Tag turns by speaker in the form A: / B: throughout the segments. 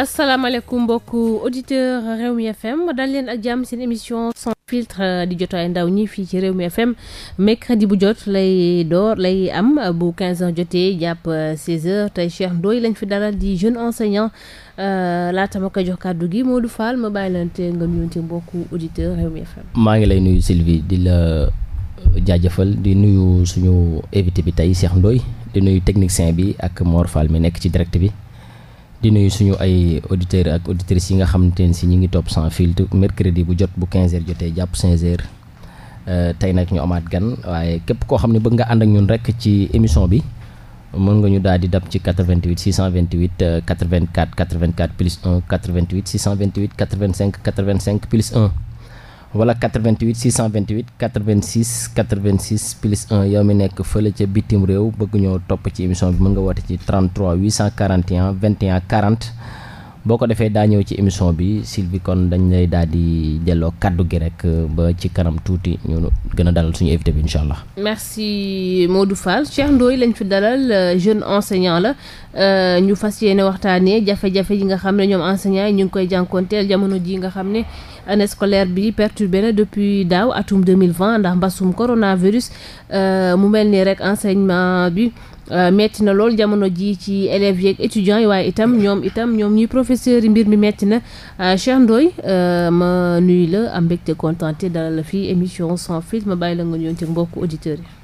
A: asalaamaaleykum mbokku auditeur Rewmi FM dal leen ak jàmm seen émission sans filtre di jotaay ndaw ñi fii ci réew Rewmi FM mercredi bu jot lay door lay am bu 15 heures jotee jàpp 16 heures tey Cheikh Ndoye lañ fi dara di jeune enseignant euh, laata ma koy jox kàddu gi Modou Fall ma bàyyi lante nga nuyoonte mbokku auditeur Rewmi FM.
B: maa ngi lay nuyu Sylvie di la jaajëfal di nuyu suñu invité bi tey Cheikh Ndoye di nuyu technicien bi ak Mor Fall mi nekk ci direct bi. di nuyu suñu ay auditeurs ak auditrices yi nga xamante ne si ñu ngi topp sans filtre mercredi bu jot bu 15h jotee jàpp 15h euh, tey nag ñu amaat gan waaye képp koo xam ne bëgg nga ànd ak ñun rek ci émission bi mën nga ñu daal di dab ci 88 628 84 84 plus 1 88 628 85 85 plus 1. wala 88 628 86 86 plus 1 yow mi nekk fële ca bitim réew bëgg ñoo topp ci émission bi mën nga woote ci 33 841 21 40 boo ko defee daa ñëw ci émission bi Sylvie kon dañ lay daal di delloo kaddu gi rek euh, ba ci kanam tuuti ñu gën a dalal suñu invité bi incha allah.
A: merci Modou Fall Cheikh Ndoye lañ fi dalal euh, jeune enseignant la euh, ñu fas yéene waxtaanee jafe-jafe yi nga xam ne ñoom enseignant yi ñu ngi koy jànkuwanteel jamono ji nga xam ne. année scolaire bi perturbé na depuis daaw atum 2020 ndax mbasum coronavirus mu mel nii rek enseignement bi Euh, metti na loolu jamono ji ci élèves yeeg étudiants yi waaye itam ñoom itam ñoom ñuy professeurs yi mbir mi metti na euh, Cheikh Ndoye euh, ma nuyu la am mbégte contenté dalal la fii émission sans filtre ma bàyyi la nga ñëw ci mbokku auditeurs yi.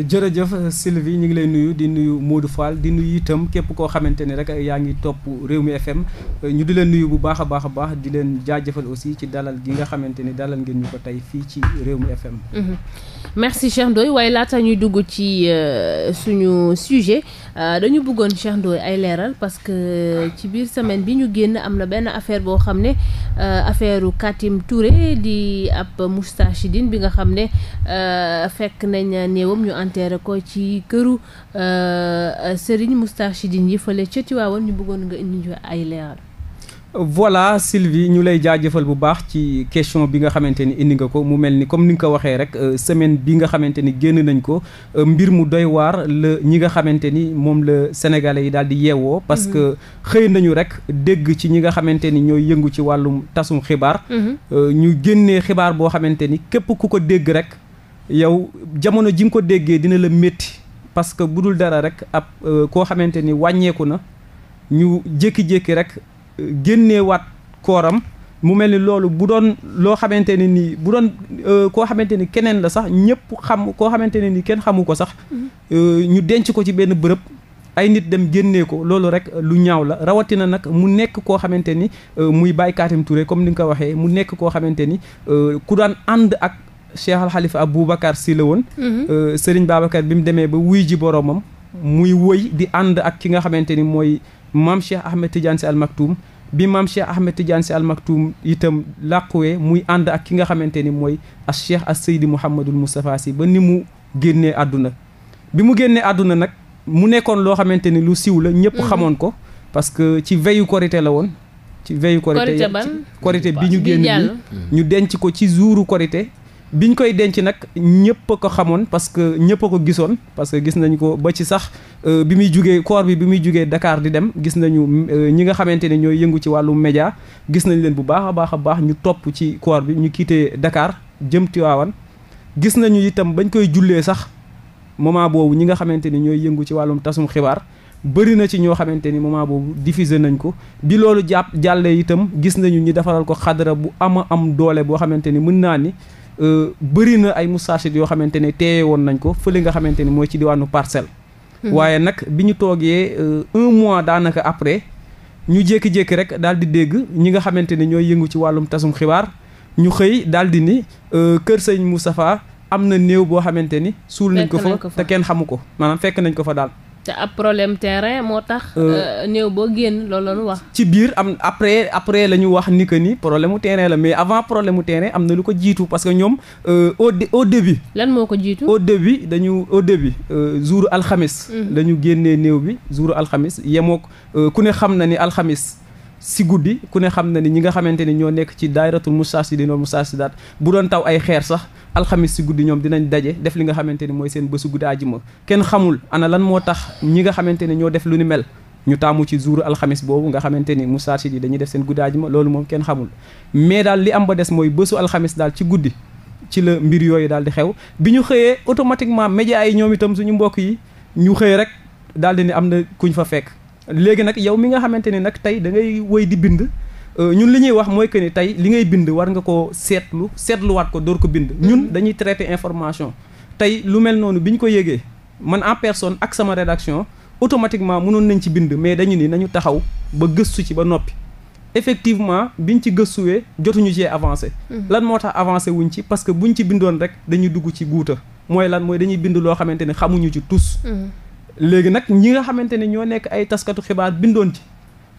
C: jërëjëf Sylvie ñu ngi lay nuyu di nuyu Modou Fall di nuyu itam képp koo xamante ni rek yaa ngi topp réew mi FM ñu di leen nuyu bu baax a baax a baax di leen jaajëfal aussi ci dalal di nga xamante ni dalal ngeen ñu ko tey fii ci réew mi FM.
A: Mhm. merci Cheikh Ndoye waaye laata ñuy dugg ci euh, suñu sujet euh, dañu bëggoon Cheikh Ndoye ay leeral parce que euh, ci biir semaine bi ñu génn am na benn affaire boo xam ne affaire Katim Touré di ab moustachidine bi nga xam ne fekk nañ enterré ko ci këru euh, Serigne Moustachidine yi fële ca Tiwaawoon ñu bëggoon nga indi ñu ay leeral.
C: voilà Sylvie ñu lay jaajëfal bu baax ci question bi nga xamante ni indi nga ko mu mel ni comme ni nga ko waxee rek euh, semaine bi nga xamante ni génn nañ ko euh, mbir mu doy waar la ñi nga xamante ni moom la sénégalais yi daal di yeewoo. parce mm-hmm. que xëy nañu rek dégg ci ñi nga xamante ni ñooy yëngu ci wàllum tasum xibaar. Mm-hmm. ñu génnee xibaar boo xamante ni képp ku ko dégg rek. yow jamono ji nga ko déggee dina la métti parce que bu dul dara rek ab euh, koo xamante ni wàññeeku na ñu jékki-jékki rek euh, génneewaat kooram mu mel ni loolu bu doon loo xamante ne nii bu doon euh, koo xamante ni keneen la sax ñëpp xam koo xamante ne nii kenn xamu ko sax mm-hmm. ñu denc ko ci benn bërëb ay nit dem génnee ko loolu rek lu ñaaw la rawatina nag mu nekk koo xamante ni muy Baye Katim ture comme ni nga ko waxee mu nekk koo xamante ni ku daan ànd ak Cheikh Al Khalifa Aboubacar Sy la woon. Mhm. Euh, Serigne Babacar bi mu demee ba wuy ji boromam. muy woy di ànd ak ki nga xamante ni mooy maam Cheikh Ahmed Tidiane Sy Al bi maam Cheikh Ahmed Tidiane Sy Al Maktoum itam làquwee muy ànd ak ki nga xamante ni mooy as Cheikh as Seydi Mouhamadul Moustapha Sy ba ni mu génnee àdduna. bi mu génnee àdduna nag mu nekkoon loo xamante ni lu siw la. ñëpp mhm. xamoon ko parce que ci veyu korite la woon. ci veyu korite korite bi ñu génn mhm. ñu denc ko ci jouru korite biñ koy denc nag ñëpp a ko xamoon parce que ñëpp a ko gisoon parce que gis nañ ko ba ci sax euh, bi muy jógee corps bi bi muy jógee dakaar di dem gis nañu euh, ñi nga xamante ne ñooy yëngu ci wàllu média gis nañ leen bu baax a baax a baax ñu topp ci corps bi ñu quitté Dakar jëm Tiwaawan gis nañu itam bañ koy jullee sax moment boobu ñi nga xamante ni ñooy yëngu ci wàllum tasum xibaar bëri na ci ñoo xamante ni moment boobu diffusé nañ ko bi loolu jàpp jàllee itam gis nañu ñi defaral ko xadara bu ama am doole boo xamante ni mën naa ni Euh, bëri na ay moustachides yoo xamante ne teeye woon nañ ko fële nga xamante ni mooy ci diwaanu parcelle. Hmm. waaye nag bi ñu toogee euh, un mois daanaka après ñu jékki-jékki rek daal di dégg ñi nga xamante ne ñooy yëngu ci wàllum tasum xibaar ñu xëy daal di ni euh, kër sëñ Moustapha am na néew boo xamante ni. suul nañ ko fa te kenn xamu ko maanaam fekk nañ ko fa daal.
A: te ab problème terrain moo tax. Euh, euh, néew boo génn loolu la ñu wax.
C: ci biir am après après la ñu wax ni que ni problème mu terrain la mais avant problème mu terrain am na lu ko jiitu parce que ñoom euh, au au début. lan moo ko jiitu au début dañu au début jour alxamis. dañu mm-hmm. génnee néew bi jour alxamis yemook ku ne xam na ni alxamis. si guddi ku ne xam na ni ñi nga xamante ni ñoo nekk ci daayratul mustasidin wal mustasidat bu doon taw ay xeer sax alxamis si guddi ñoom dinañ daje def li nga xamante ni mooy seen bésu guddi ajuma kenn xamul ana lan moo tax ñi nga xamante ni ñoo def lu ni mel ñu taamu ci jour alxamis boobu nga xamante ni mustasid yi dañuy def seen guddi ajuma loolu moom kenn xamul mais daal li am ba des mooy bësu alxamis daal ci guddi ci la mbir yooyu daal di xew bi ñu xëyee automatiquement média yi ñoom itam suñu mbokk yi ñu xëy rek daal di ne am na kuñ fa fekk léegi nag yow mi nga xamante ni nag tey da ngay woy di bind euh, ñun li ñuy wax mooy que ni tey li ngay bind war nga ko seetlu seetluwaat ko door ko bind ñun mm-hmm. dañuy traité information tey lu mel noonu bi ñu ko yëgee man en personne ak sama rédaction automatiquement mënoon nañ ci bind mais dañu ni nañu taxaw ba gëstu ci ba noppi effectivement biñ ci gëstuwee jotuñu cee avancé mm-hmm. lan moo tax avancé wuñ ci parce que buñ ci bindoon rek dañuy dugg ci guuta mooy lan dañuy bind loo xamante ne xamuñu ci tous mm-hmm. léegi nag ñi nga xamante ne ñoo nekk ay taskatu xibaar bindoon ci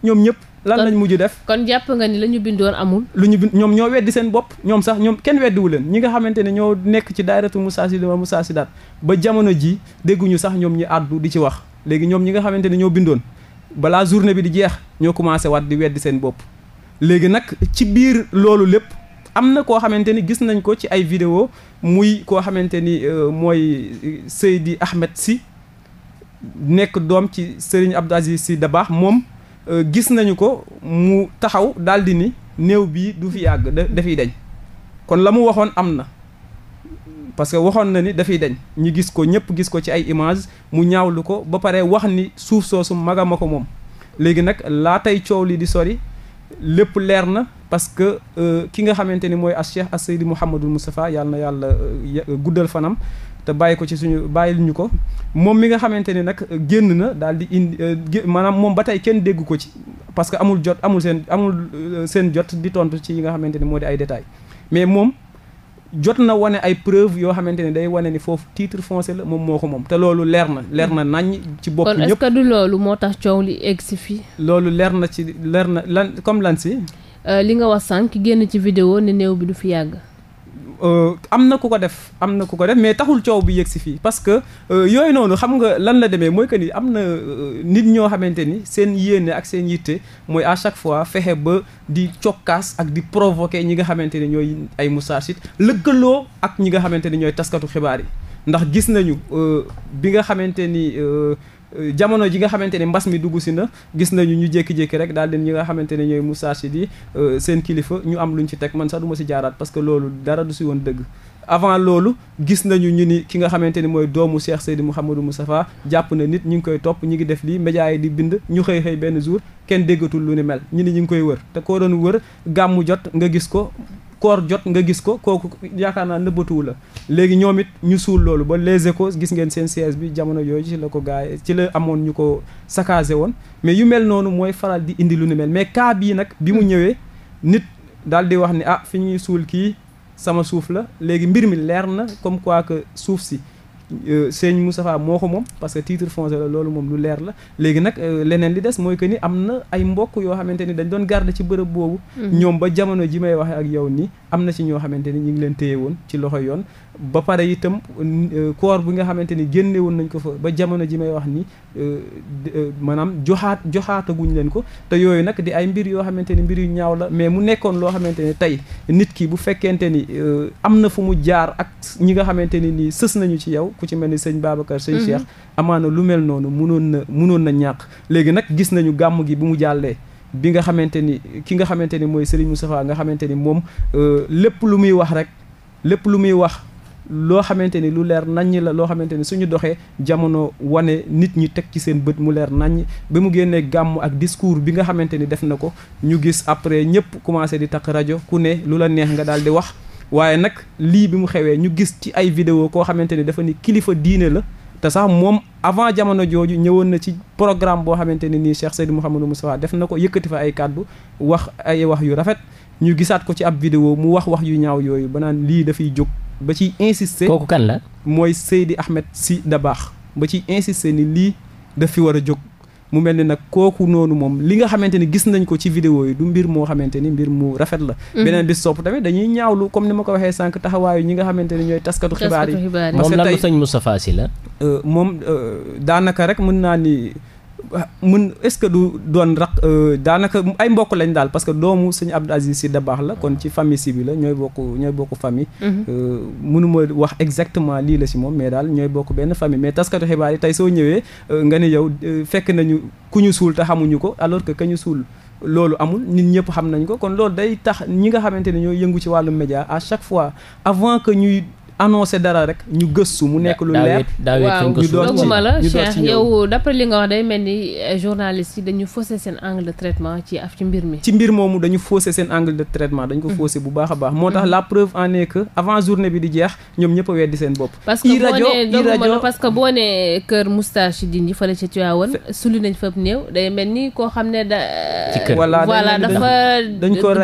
C: ñoom ñëpp lan lañ mujj def kon jàpp nga ni la ñu bindoon amul lu ñu bind ñoom ñoo weddi seen bopp ñoom sax ñoom kenn weddiwu leen ñi nga xamante ne ñoo nekk ci daayiratu musaasi dama musaasi ba jamono ji dégguñu sax ñoom ñi àddu di ci wax léegi ñoom ñi nga xamante ne ñoo bindoon balaa journée bi di jeex ñoo commencé waat di weddi seen bopp léegi nag ci biir loolu lépp am na koo xamante ni gis nañ ko ci ay vidéo muy koo xamante ni euh, mooy euh, Seydi Ahmed Sy nekk doom ci Serigne Abdou Aziz Sy baax moom euh, gis nañu ko mu taxaw daal ni néew bii du fi yàgg dafi dañ kon la mu waxoon am na parce que waxoon na ni dafiy dañ ñu gis ko ñëpp gis ko ci ay image mu ñaawlu ko ba pare wax ni suuf soosu maga ma ko moom léegi nag laa tey coow li di sori lépp leer na parce que euh, ki nga xamante ni mooy as cheikh as seydi mouhamadul moustapha yàlla na yàlla euh, guddal fanam te bàyyi ko ci suñu bàyyi lu ñu ko moom mi nga xamante ni nag génn na daal di indi euh, maanaam moom ba tey kenn dégg ko ci parce que amul jot amul seen amul euh, seen jot di tontu ci yi nga xamante ni moo di ay détails mais moom jot na wane ay preuve yoo xamante ni day wane ni foofu titre foncé la moom moo ko moom te loolu leer na leer na nañ ci bopp ñëpp kon est
A: du loolu moo tax coow li egg si fii
C: loolu leer na ci leer na lan comme lan si
A: euh, li nga wax sànq génn ci vidéo ne néew bi du fi yàgg
C: Euh, am na ku ko def am na ku ko def mais taxul coow bi yegg si fii parce que euh, yooyu noonu xam nga lan la demee mooy que ni am na euh, nit ñoo xamante ni seen yéene ak seen yitte mooy à chaque fois fexe ba di cokkaas ak di provoquer ñi nga xamante ni ñooy ay moustarchid lëkkaloo ak ñi nga xamante ni ñooy taskatu xibaar yi ndax gis nañu bi nga xamante ni jamono ji nga xamante ne mbas mi dugg si na gis nañu ñu jékki-jékki rek daal leen ñi nga xamante ne ñooy Moustarchidine euh, yi seen kilifa ñu am luñ ci teg man sax duma ma si jaaraat parce que loolu dara du si woon dëgg avant loolu gis nañu ñu ni ki nga xamante ni mooy doomu Cheikh Seydi Mouhamadou Moustapha jàpp na nit ñu ngi koy topp ñu ngi def lii média yi di bind ñu xëy xëy benn jour kenn déggatul lu ni mel ñu ni ñu ngi koy wër te koo doon wër gàmmu jot nga gis ko koor jot nga gis ko kooku yaakaar naa nëbbatuwu la léegi ñoom it ñu suul loolu ba les échos gis ngeen seen siège bi jamono yooyu ci la ko gaay ci la amoon ñu ko saccagé woon mais yu mel noonu mooy faral di indi lu ni mel mais cas yi nag bi mu ñëwee nit daal di wax ni ah fi ñuy suul kii sama suuf la léegi mbir mi leer na comme quoi que suuf si Euh, sëñ Moustapha moo ko moom parce que titre foncier la loolu moom lu leer la léegi nag euh, leneen li des mooy que ni am na ay mbokk yoo xamante ni dañ doon garder ci bërëb boobu mm-hmm. ñoom ba jamono ji may waxee ak yow nii am na ci ñoo xamante ni ñu ngi leen téye woon ci loxo yoon ba pare itam euh, koor bi nga xamante ni génne woon nañ ko fa ba jamono ji may wax ni euh, euh, maanaam joxaat joxaataguñu leen ko te yooyu nag di ay mbir yoo xamante ni mbir yu ñaaw la mais mu nekkoon loo xamante ni tey nit ki bu fekkente ni am na fu mu jaar ak ñi nga xamante ni sës nañu ci yow ku ci mel ni sëñ Babacar sëñ Cheikh mhm. amaana lu mel noonu munoon na munoon na ñàkk léegi nag gis nañu gàmm gi bu mu jàllee bi nga xamante ni ki nga xamante ni mooy Serigne Moustapha nga xamante ni moom lépp lu muy wax rek lépp lu muy wax loo xamante ni lu leer naññ la loo xamante ni suñu doxee jamono wane nit ñi teg ci seen bët mu leer naññ ba mu génnee gàmm ak discours bi nga xamante ni def na ko ñu gis après ñëpp commencé di takk rajo ku ne lu la neex nga daal di wax waaye nag lii bi mu xewee ñu gis ci ay koo xamante ni dafa ni kilifa diine la te sax moom avant jamono jooju ñëwoon na ci programme boo xamante ni nii Cheikh Seydou Mouhamadou Moustapha def na ko yëkkati fa ay kàddu wax ay wax yu rafet ñu gisaat ko ci ab vidéo mu wax wax yu ñaaw yooyu ba naan lii dafay jóg ba ci insister kooku kan la mooy Seydi si Sy baax ba ci insister ni lii daf fi war a jóg mu mel ni nag kooku noonu moom li nga xamante ni gis nañ ko ci vidéo yi du mbir moo xamante ni mbir mu rafet la mhm. beneen bis sopp tamit dañuy ñaawlu comme ni ma ko waxee sànq taxawaayu ñi nga xamante ni ñooy taskatu xibaar yi moom lan la
B: sëñ Moustapha Sy la
C: euh, moom euh, daanaka rek mën naa ni mën est-ce que du doon raq euh, daanaka ay mbokk lañ daal parce que doomu sëñ Abdou Aziz Sy Dabakh la kon ci famille si bi la ñooy bokk ñooy bokk famille mhm. euh, mënuma wax exactement lii la si moom mais daal ñooy bokk benn famille mais taskatu xibaar yi tey soo ñëwee euh, nga ne yow fekk nañu ku ñu suul te xamuñu ko alors que ka ñu suul loolu amul nit ñëpp xam nañ ko kon lool day tax ñi nga xamante ne ñoo yëngu ci wàllu média à chaque fois avant que ñuy annoncé dara rek ñu gëstu mu nekk lu leer waaw doguma la Cheikh yow
A: d'après li nga wax day mel ni eh, journalistes yi dañu faussé seen angle de traitement ci af ci mbir mi
C: ci mbir moomu dañu faussé seen angle de traitement dañ ko mm-hmm. faussé bu baax a baax moo tax mm-hmm. la preuve en est avant journée bi di jeex ñoom ñëpp a weddi seen bopp parce que rajo doguma la
A: parce que boo ne kër moustache yi dindi fële ca Tivaouane suli nañ fëpp néew day mel ni koo xam ne da voilà dafa dañ ko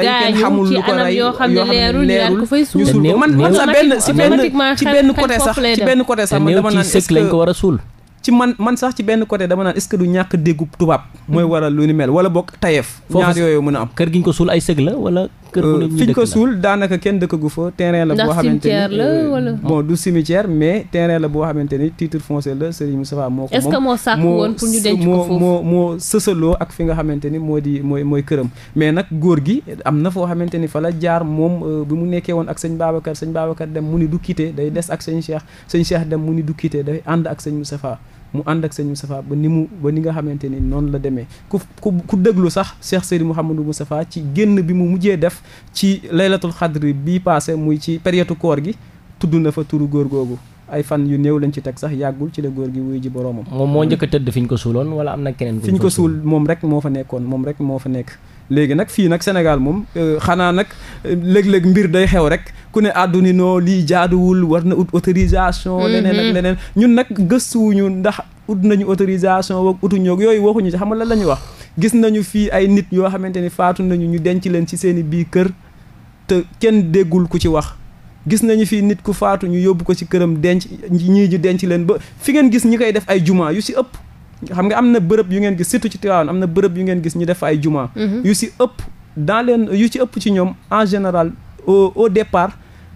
A: xamul lu ko
C: rey yoo xam ne leerul
B: ñu pratiquement ci benn côté sax ci benn côté sax man dama naan est-ce que lañ ko war a
C: suul ci man man sax ci benn côté dama naan est du ñàkk déggu tubaab mooy waral lu ni mel wala bokk tayeef ñaar yooyu mën a am kër gi ñu ko suul ay sëg la wala kër gu ko suul daanaka kenn dëkkagu fa terrain la boo xamante ni euh, bon du cimetière mais terrain la boo xamante ni titre foncier la Serigne Moustapha moo ko moom est-ce que moo sàkk woon pour ñu denc ko foofu moo moo sësaloo ak fi nga xamante ni moo di mooy mooy këram mais nag góor gi am na foo xamante ni fa la jaar moom euh, bi mu nekkee woon ak sëñ Babacar sëñ Babacar dem mu ni du quitté day des ak sëñ Cheikh sëñ Cheikh dem mu ni du quitté day ànd ak sëñ Moustapha mu ànd ak sëñ safaa ba ni mu ba ni nga xamante ni noonu la demee ku ku ku déglu sax Cheikh Seydou Mouhamadou safaa ci génn bi mu mujjee def ci laylatul xadri bii passé muy ci période koor gi tudd na fa turu góor googu ay fan yu new lañ ci teg sax yàggul ci la góor gi wuyu ji boroomam. moom moo njëkk a tëdd fi ñu ko suuloon wala am na keneen. fi ñu ko suul moom rek moo fa nekkoon moom rek moo fa nekk. léegi nag fii nag Sénégal moom euh, xanaa nag euh, léeg mbir day xew rek. ku ne àdduni noo lii jaaduwul war na ut autorisation mhm. leneen ak leneen ñun nag gëstuwuñu ndax ut nañu autorisation wak utuñoog yooyu waxuñu ci xam nga lan la ñu wax gis nañu fii ay nit yoo xamante ni faatu nañu ñu denc leen ci seen i biir kër te kenn déggul ku ci wax gis nañu fii nit ku faatu ñu yóbbu ko ci këram denc ñii ñu denc leen ba fi ngeen gis ñi koy def ay jumaa yu si ëpp xam nga am na bërëb yu ngeen gis surtout ci Tivaouane am na bërëb yu ngeen gis ñu def ay jumaa mhm. yu ëpp dans yu ci ëpp ci ñoom en général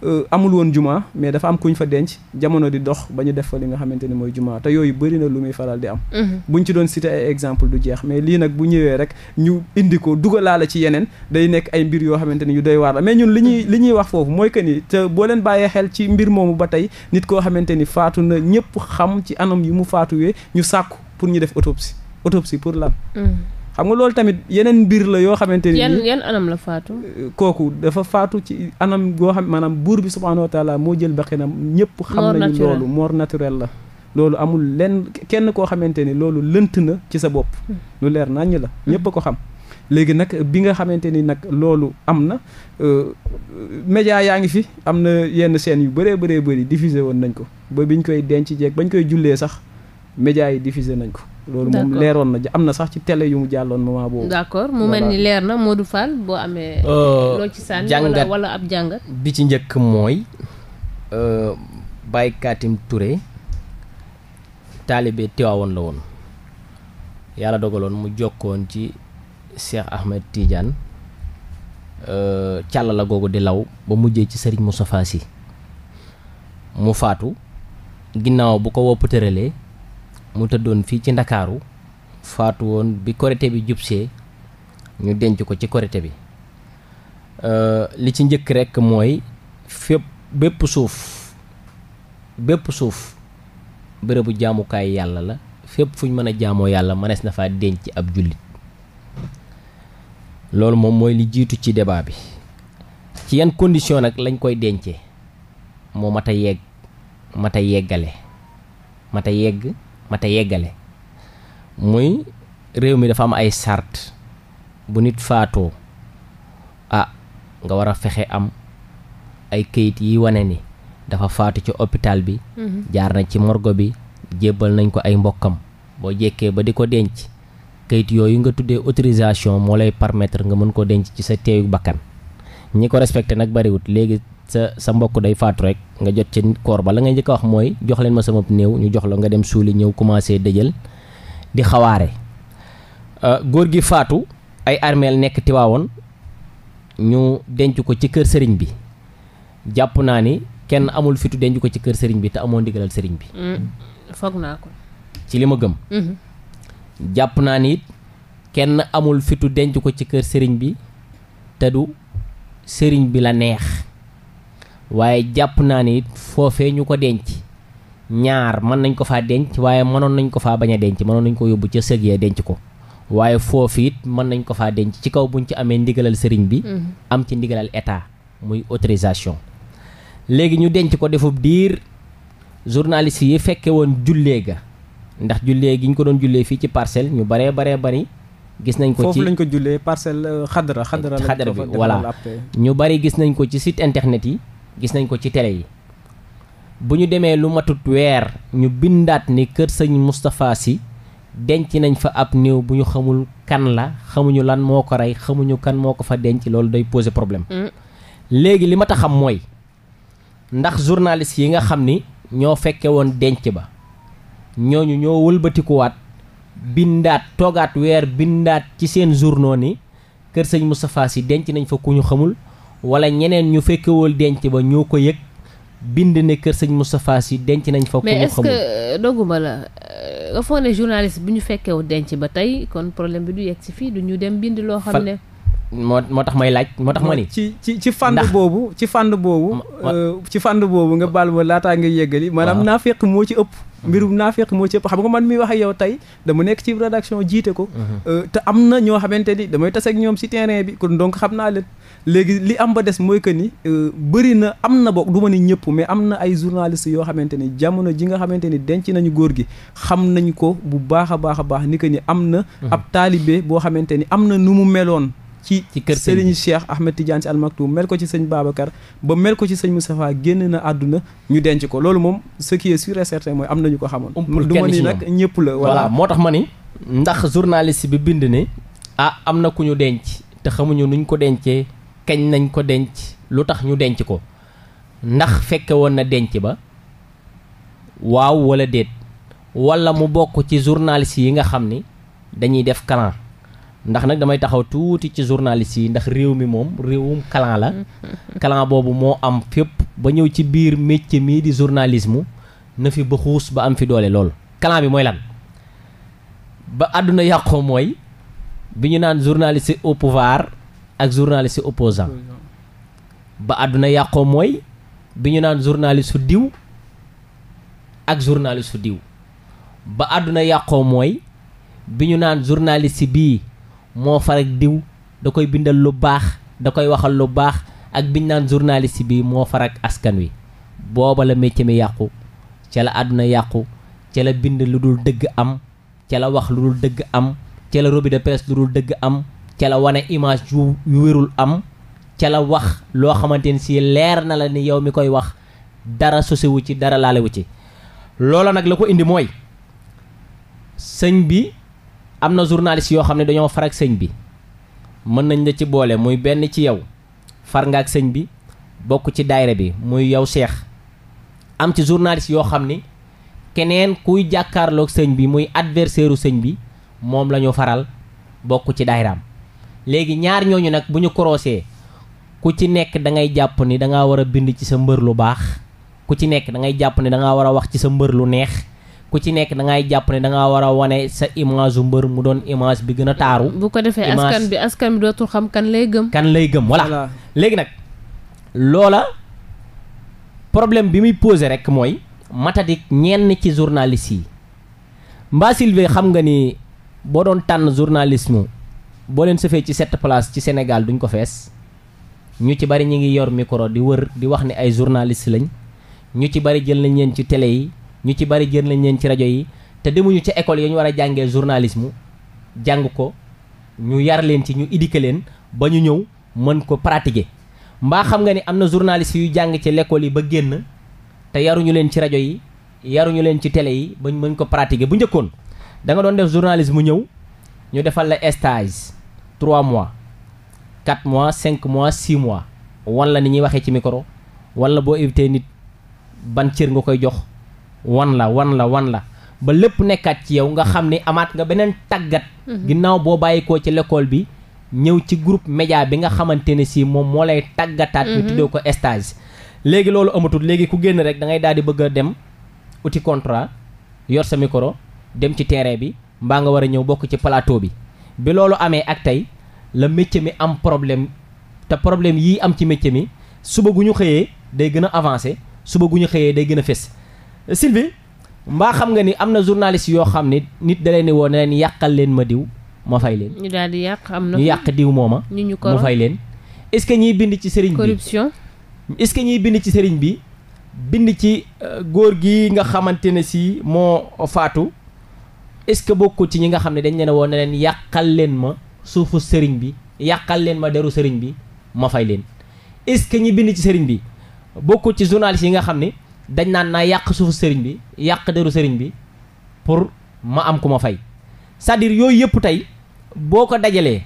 C: Euh, amul woon juma mais dafa am kuñ fa denc jamono di dox ba ñu def fa li nga xamante ni mooy juma te yooyu bëri na lu muy faral di am. Mhm. buñ ci doon citer ay exemple du jeex mais lii nag bu ñëwee rek ñu indi ko dugalaale ci yeneen day nekk ay mbir yoo xamante ni yu day waar la mais ñun li ñuy li ñuy wax foofu mooy que ni te booleen bàyyee xel ci mbir moomu ba tey nit koo xamante ni faatu na ñëpp xam ci anam yi mu faatuwee ñu sàkku pour ñu def autopsie autopsie pour lan. Mhm. xam nga loolu tamit yeneen biir la yoo xamante ni. yan
A: yan anam la faatu.
C: kooku dafa faatu ci anam goo xam maanaam buur bi subhaanahu wa taala moo jël bakkanam ñëpp xam nañu loolu moor naturel la. loolu amul lenn kenn koo xamante ni loolu lënt na ci sa bopp. Hmm. lu leer naññ la hmm. ñëpp a ko xam. léegi nag bi nga xamante ni nag loolu am na euh, média yaa ngi fi am na yenn scènes yu bëree bëree bëri diffusé woon nañ ko ba bi ñu koy denc jeeg bañ koy jullee sax média yi diffusé nañ ko. loolu moom leeroon na am na sax ci tele yu mu jàlloon moment boobu. d'accord mu mel ni
A: leer na moo Modou Fall boo amee.
C: Euh, loo ci sànni
A: wala ab jàngat.
C: bi ci njëkk
B: mooy euh, Baye Katim Touré taalibe Tiwaawoon la woon yàlla dogaloon mu jokkoon ci Cheikh Ahmed Tidiane euh, càll la googu di law ba mujjee ci Serigne Moustapha Sy mu faatu ginnaaw bu ko wopp tëralee. mu tëddoon fii ci ndakaaru faatu woon bi korité bi jubsee ñu denc ko ci korité bi euh, li ci njëkk rekk mooy fépp bépp suuf bépp suuf bërëbu jaamukaay yàlla la fépp fu ñu mën a jaamoo yàlla mënees na faa denc ab jullit loolu moom mooy li jiitu ci débat bi ci yan condition nag lañ koy dencee moo mat a yegg mat a yeggale mat a yegg mate yeggale muy réew mi dafa am ay sart bu nit faatoo ah nga war a fexe am ay kayit yi wane ni dafa faatu ci hôpital bi mhm. jaar na ci morgue bi jébbal nañ ko ay mbokkam boo jekkee ba di ko denc kayit yooyu nga tuddee autorisation moo lay permettre nga mën ko denc ci sa teewu bakkan ñi ko respecté nag bariwut léegi sa sa mbokk day faatu rekk nga jot ci koor ba la ngay njëkk wax mooy jox leen ma sama néew ñu jox la nga dem suuli ñëw commencé dëjël di xawaare euh, góor gi faatu ay armeel nekk tiwaawoon ñu denc ko ci kër sëriñ bi jàpp naa ni kenn amul fitu denc ko ci kër sëriñ bi te amoo ndigalal sëriñ bi.
A: Mm, naa ko.
B: ci li mm-hmm. naa ni kenn amul fitu denc ko ci kër sëriñ bi te du sëriñ bi la neex. waaye jàpp naa ni foofee ñu ko denc ñaar mën nañ ko faa denc waaye mënoon nañ ko faa bañ a denc mënoon nañ ko yóbbu ca sëg ya denc ko waaye foofu it mën nañ ko faa denc ci kaw buñ ci amee ndigalal sëriñ bi mhm. am ci ndigalal état muy autorisation léegi ñu denc ko defub diir journaliste yi fekke woon jullee ga ndax jullee gi ñu ko doon jullee fii ci parcelle ñu baree baree bari gis nañ ko ci lañ
C: ko jullee parcelle xadra euh, xadra xadra bi voilà
B: ñu bari gis nañ ko ci site internet yi gis nañ ko ci télé yi bu ñu demee lu matut weer ñu bindaat ni kër sëñ Moustapha si denc nañ fa ab néew bu ñu xamul kan la xamuñu lan moo ko rey xamuñu kan moo ko fa denc loolu day poser problème mm. léegi li mat a xam mooy ndax journaliste yi nga xam ni ñoo fekke woon denc ba ñooñu ñoo wëlbatikuwaat bindaat toogaat weer bindaat ci seen journaux ni kër sëñ Moustapha Sy denc nañ fa ku ñu xamul wala ñeneen ñu fekkewul denc ba ñoo ko yëg bind ne kër sëñ Moustapha Sy denc nañ fa. ko mais est-ce que
A: la nga foog ne ñu fekkewu denc ba tey kon problème bi du yegg si fii du dem bind loo xam ne.
B: moo moo tax may laaj moo tax ma ni.
C: ci ci ci fànn boobu ci fànn boobu. Euh, ci fànn boobu nga baal ma laataa nga yeggali. maanaam naa fekk moo ci ëpp. Mm-hmm. mbirum naa fekk moo xam nga man mi wax yow tey dama nekk ci rédaction jiite ko. Mm-hmm. Euh, te am na ñoo xamante ni damay tase ak ñoom si terrain bi kon donc xam naa leen. léegi li am ba des mooy que ni euh, bëri na am na boog du ma ni ñëpp mais am na ay journalistes yoo xamante ni jamono ji nga xamante ni denc nañu góor gi xam nañu ko bu baax a baax a baax ni que ni am na. Mhm. ab taalibe boo xamante ni am na nu mu meloon. ci kër Serigne Cheikh Ahmed Tidiane Sy Al Maktoum mel ko ci sëñ Babacar ba mel ko ci sëñ Moustapha génn na àdduna ñu denc ko loolu moom ce qui est mooy am na ko xamoon. du ma ni nag ñëpp la. voilà moo
B: tax ma ni. ndax journaliste bi bind ne. ah am na ku ñu denc te xamuñu nuñ ko dencee. kañ nañ ko denc lu tax ñu denc ko ndax fekke woon na denc ba waaw wala déet wala mu bokk ci journaliste yi nga xam ni dañuy def kalan ndax nag damay taxaw tuuti ci journaliste yi ndax réew mi moom réewum kalan la kalan boobu moo am fépp ba ñëw ci biir métier mii di journalisme na fi ba xuus ba am fi doole lool kalan bi mooy lan ba àdduna yàqoo mooy bi ñu naan journaliste au pouvoir ak journaliste opposant ba àdduna yàqoo mooy bi ñu naan journaliste su diw ak journaliste su diw ba àdduna yàqoo mooy bi ñu naan journaliste bii moo far ak diw da koy bindal lu baax da koy waxal lu baax ak bi ñu naan journaliste bii moo far ak askan wi booba la métier mi yàqu ca la àdduna yàqu ca la bind lu dul dëgg am ca la wax lu dul dëgg am ca la revue de presse lu dul dëgg am ca la wane image yu wérul am ca la wax loo xamante ni si leer na la ni yow mi koy wax dara sosewu ci dara laalewu ci loola nag la ko indi mooy sëñ bi am na journaliste yoo xam ne dañoo far ak sëñ bi mën nañ la ci boole muy benn ci yow far nga ak sëñ bi bokk ci daayira bi muy yow seex am ci journaliste yoo xam ni keneen kuy jàkkaarloog sëñ bi muy adversaire u sëñ bi moom la faral bokk ci daayiraam léegi ñaar ñooñu nag bu ñu korosee ku ci nekk da ngay jàpp ni da ngaa war a bind ci sa mbër lu baax ku ci nekk da ngay jàpp ni da ngaa war a wax ci sa mbër lu neex ku ci nekk da ngay jàpp ne da ngaa war a wane sa image u mbër mu doon image bi gën a taaru. bu ko defee askan
A: bi askan bi dootul xam kan lay
B: gëm. kan lay gëm voilà léegi nag loola problème bi muy posé rek mooy matadik ñenn ci journaliste yi mbaa Sylvie xam nga ni boo doon tànn mu boo leen sëfee ci sept place ci Sénégal duñ ko fees ñu ci bari ñi ngi yor micro di wër di wax ni ay journaliste lañ ñu ci bari jël nañ leen ci télé yi ñu ci bari jël nañ leen ci rajo yi te demuñu ci école yi ñu war a jàngee journalisme jàng ko ñu yar leen ci ñu éduquer leen ba ñu ñëw mën ko pratiquer mbaa xam nga ni am na journaliste yu jàng ci l'école yi ba génn te yaruñu leen ci rajo yi yaruñu leen ci télé yi ba mën ko pratiquer bu njëkkoon da nga doon def journalisme mu ñëw ñu defal la stage trois mois 4 mois 5 mois 6 mois wan la ni ñuy waxee ci micro wala boo éviter nit ban cër nga koy jox wan la wan la wan la ba lépp nekkaat ci yow nga xam ni amaat nga beneen tàggat. Mhm. ginnaaw boo bàyyikoo ci lekkool bi ñëw ci groupe média bi nga xamante ne si moom moo lay tàggataat. Mhm. ñu tuddee ko estage léegi loolu amatul léegi ku génn rek da ngay daal di bëgg a dem uti contrat yor sa micro dem ci terrain bi mbaa nga war a ñëw bokk ci plateau bi. bi loolu amee ak tey la métier mi am problème te problème yii am ci métier mi suba gu ñu xëyee day gën a avancé suba gu ñu xëyee day gën a fés. Sylvie mbaa xam nga ni am na journaliste yoo xam ni nit da leen di woo ne yàqal leen ma diw ma fay leen.
A: ñu daal di yàq am na ñu yàq
B: diw mooma. ñu ñu ko ma fay leen. est-ce que ñiy bind ci sëriñ bi corruption. est-ce que ñiy bind ci sëriñ bi bind ci euh, góor gi nga xamante ne si moo faatu. est-ce que bokkul ci ñi nga xam ne dañ leen woon ne leen yàqal leen ma suufu sëriñ bi yàqal leen ma deru sëriñ bi ma fay leen est-ce que ñi bind ci sëriñ bi bokkul ci journaliste yi nga xam ne dañ naan naa yàq suufu sëriñ bi yàq deru sëriñ bi pour ma am ku ma fay cest à yooyu yëpp tey boo ko dajalee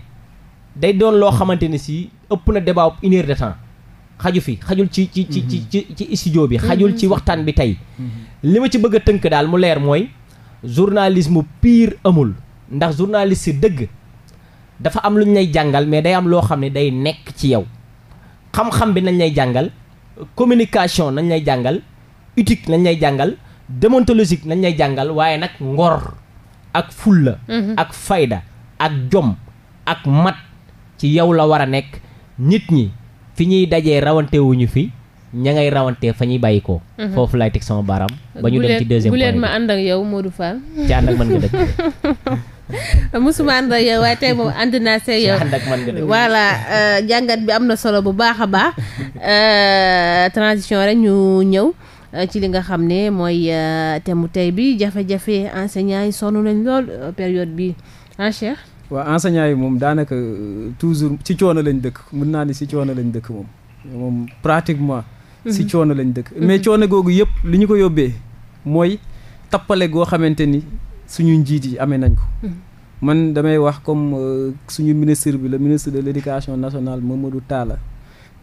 B: day doon loo xamante ne si ëpp na débat une de temps xaju fi xajul ci ci ci ci mm-hmm. bi xajul ci mm-hmm. waxtaan bi tey mm-hmm. li ma ci bëgg a tënk daal mu leer mooy journalisme pire amul ndax journaliste si dëgg dafa am lu ñu lay jàngal mais day am loo xam ne day nekk ci yow xam-xam bi nañ lay jàngal communication nañ lay jàngal éthique nañ lay jàngal déontologique nañ lay jàngal waaye nag ngor ak fulla mhm. ak fayda ak jom ak mat ci yow la war a nekk nit ñi fi ñuy dajee rawantewuñu fi ña ngay rawantee fa ñuy bàyyi ko. Mhm. foofu laay teg sama baaraam. ba ñu dem ci deuxième point bu ma
A: ànd ak yow Modou Fall. ci ànd ak mën nga dëkk. musuma ànd ak yow voilà euh, jàngat bi am na solo bu baax a baax. Euh, transition rek ñu ñëw. Euh, ci li nga xam ne mooy thème mu tey bi jafe-jafe yi sonn nañ lool période bi ah Cheikh.
C: waaw yi moom daanaka toujours ci coono lañ dëkk mën naa ni ci coono lañ dëkk moom moom pratiquement. si mhm. coono lañu dëkk mhm. mais coono googu yëpp li ñu ko yóbbee mooy tappale goo xamante ni suñu njiit yi amee nañ ko mhm. man damay wax comme euh, suñu ministre bi la ministre de l' éducation nationale Mamadou Talla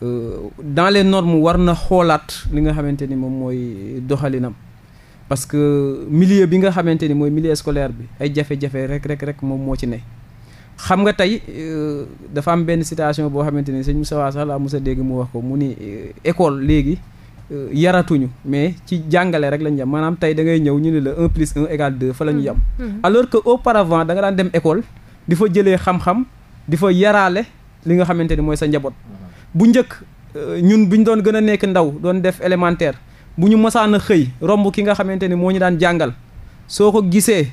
C: euh, dans les norme war na xoolaat li nga xamante ni moom mooy doxalinam parce que milieu bi nga xamante ni mooy milieu scolaire bi ay jafe-jafe rek rek rek moom moo ci ne xam nga tey euh, dafa am benn citation boo xamante ni sëñ Moussa Wa sax laa mos dégg mu wax ko mu ni euh, école léegi euh, yaratuñu mais ci jàngale rek lañu yem maanaam tey dangay ñëw ñu ne la un plus un égale deux fa la ñu yem. Hmm. Hmm. alors que auparavant da nga daan dem école di fa jëlee xam-xam di fa yaraale li nga xamante ni mooy sa njaboot. bu njëkk ñun bi ñu doon gën a nekk ndaw doon def élémentaire bu ñu mosaan a xëy romb ki nga xamante ni moo ñu daan jàngal soo ko gisee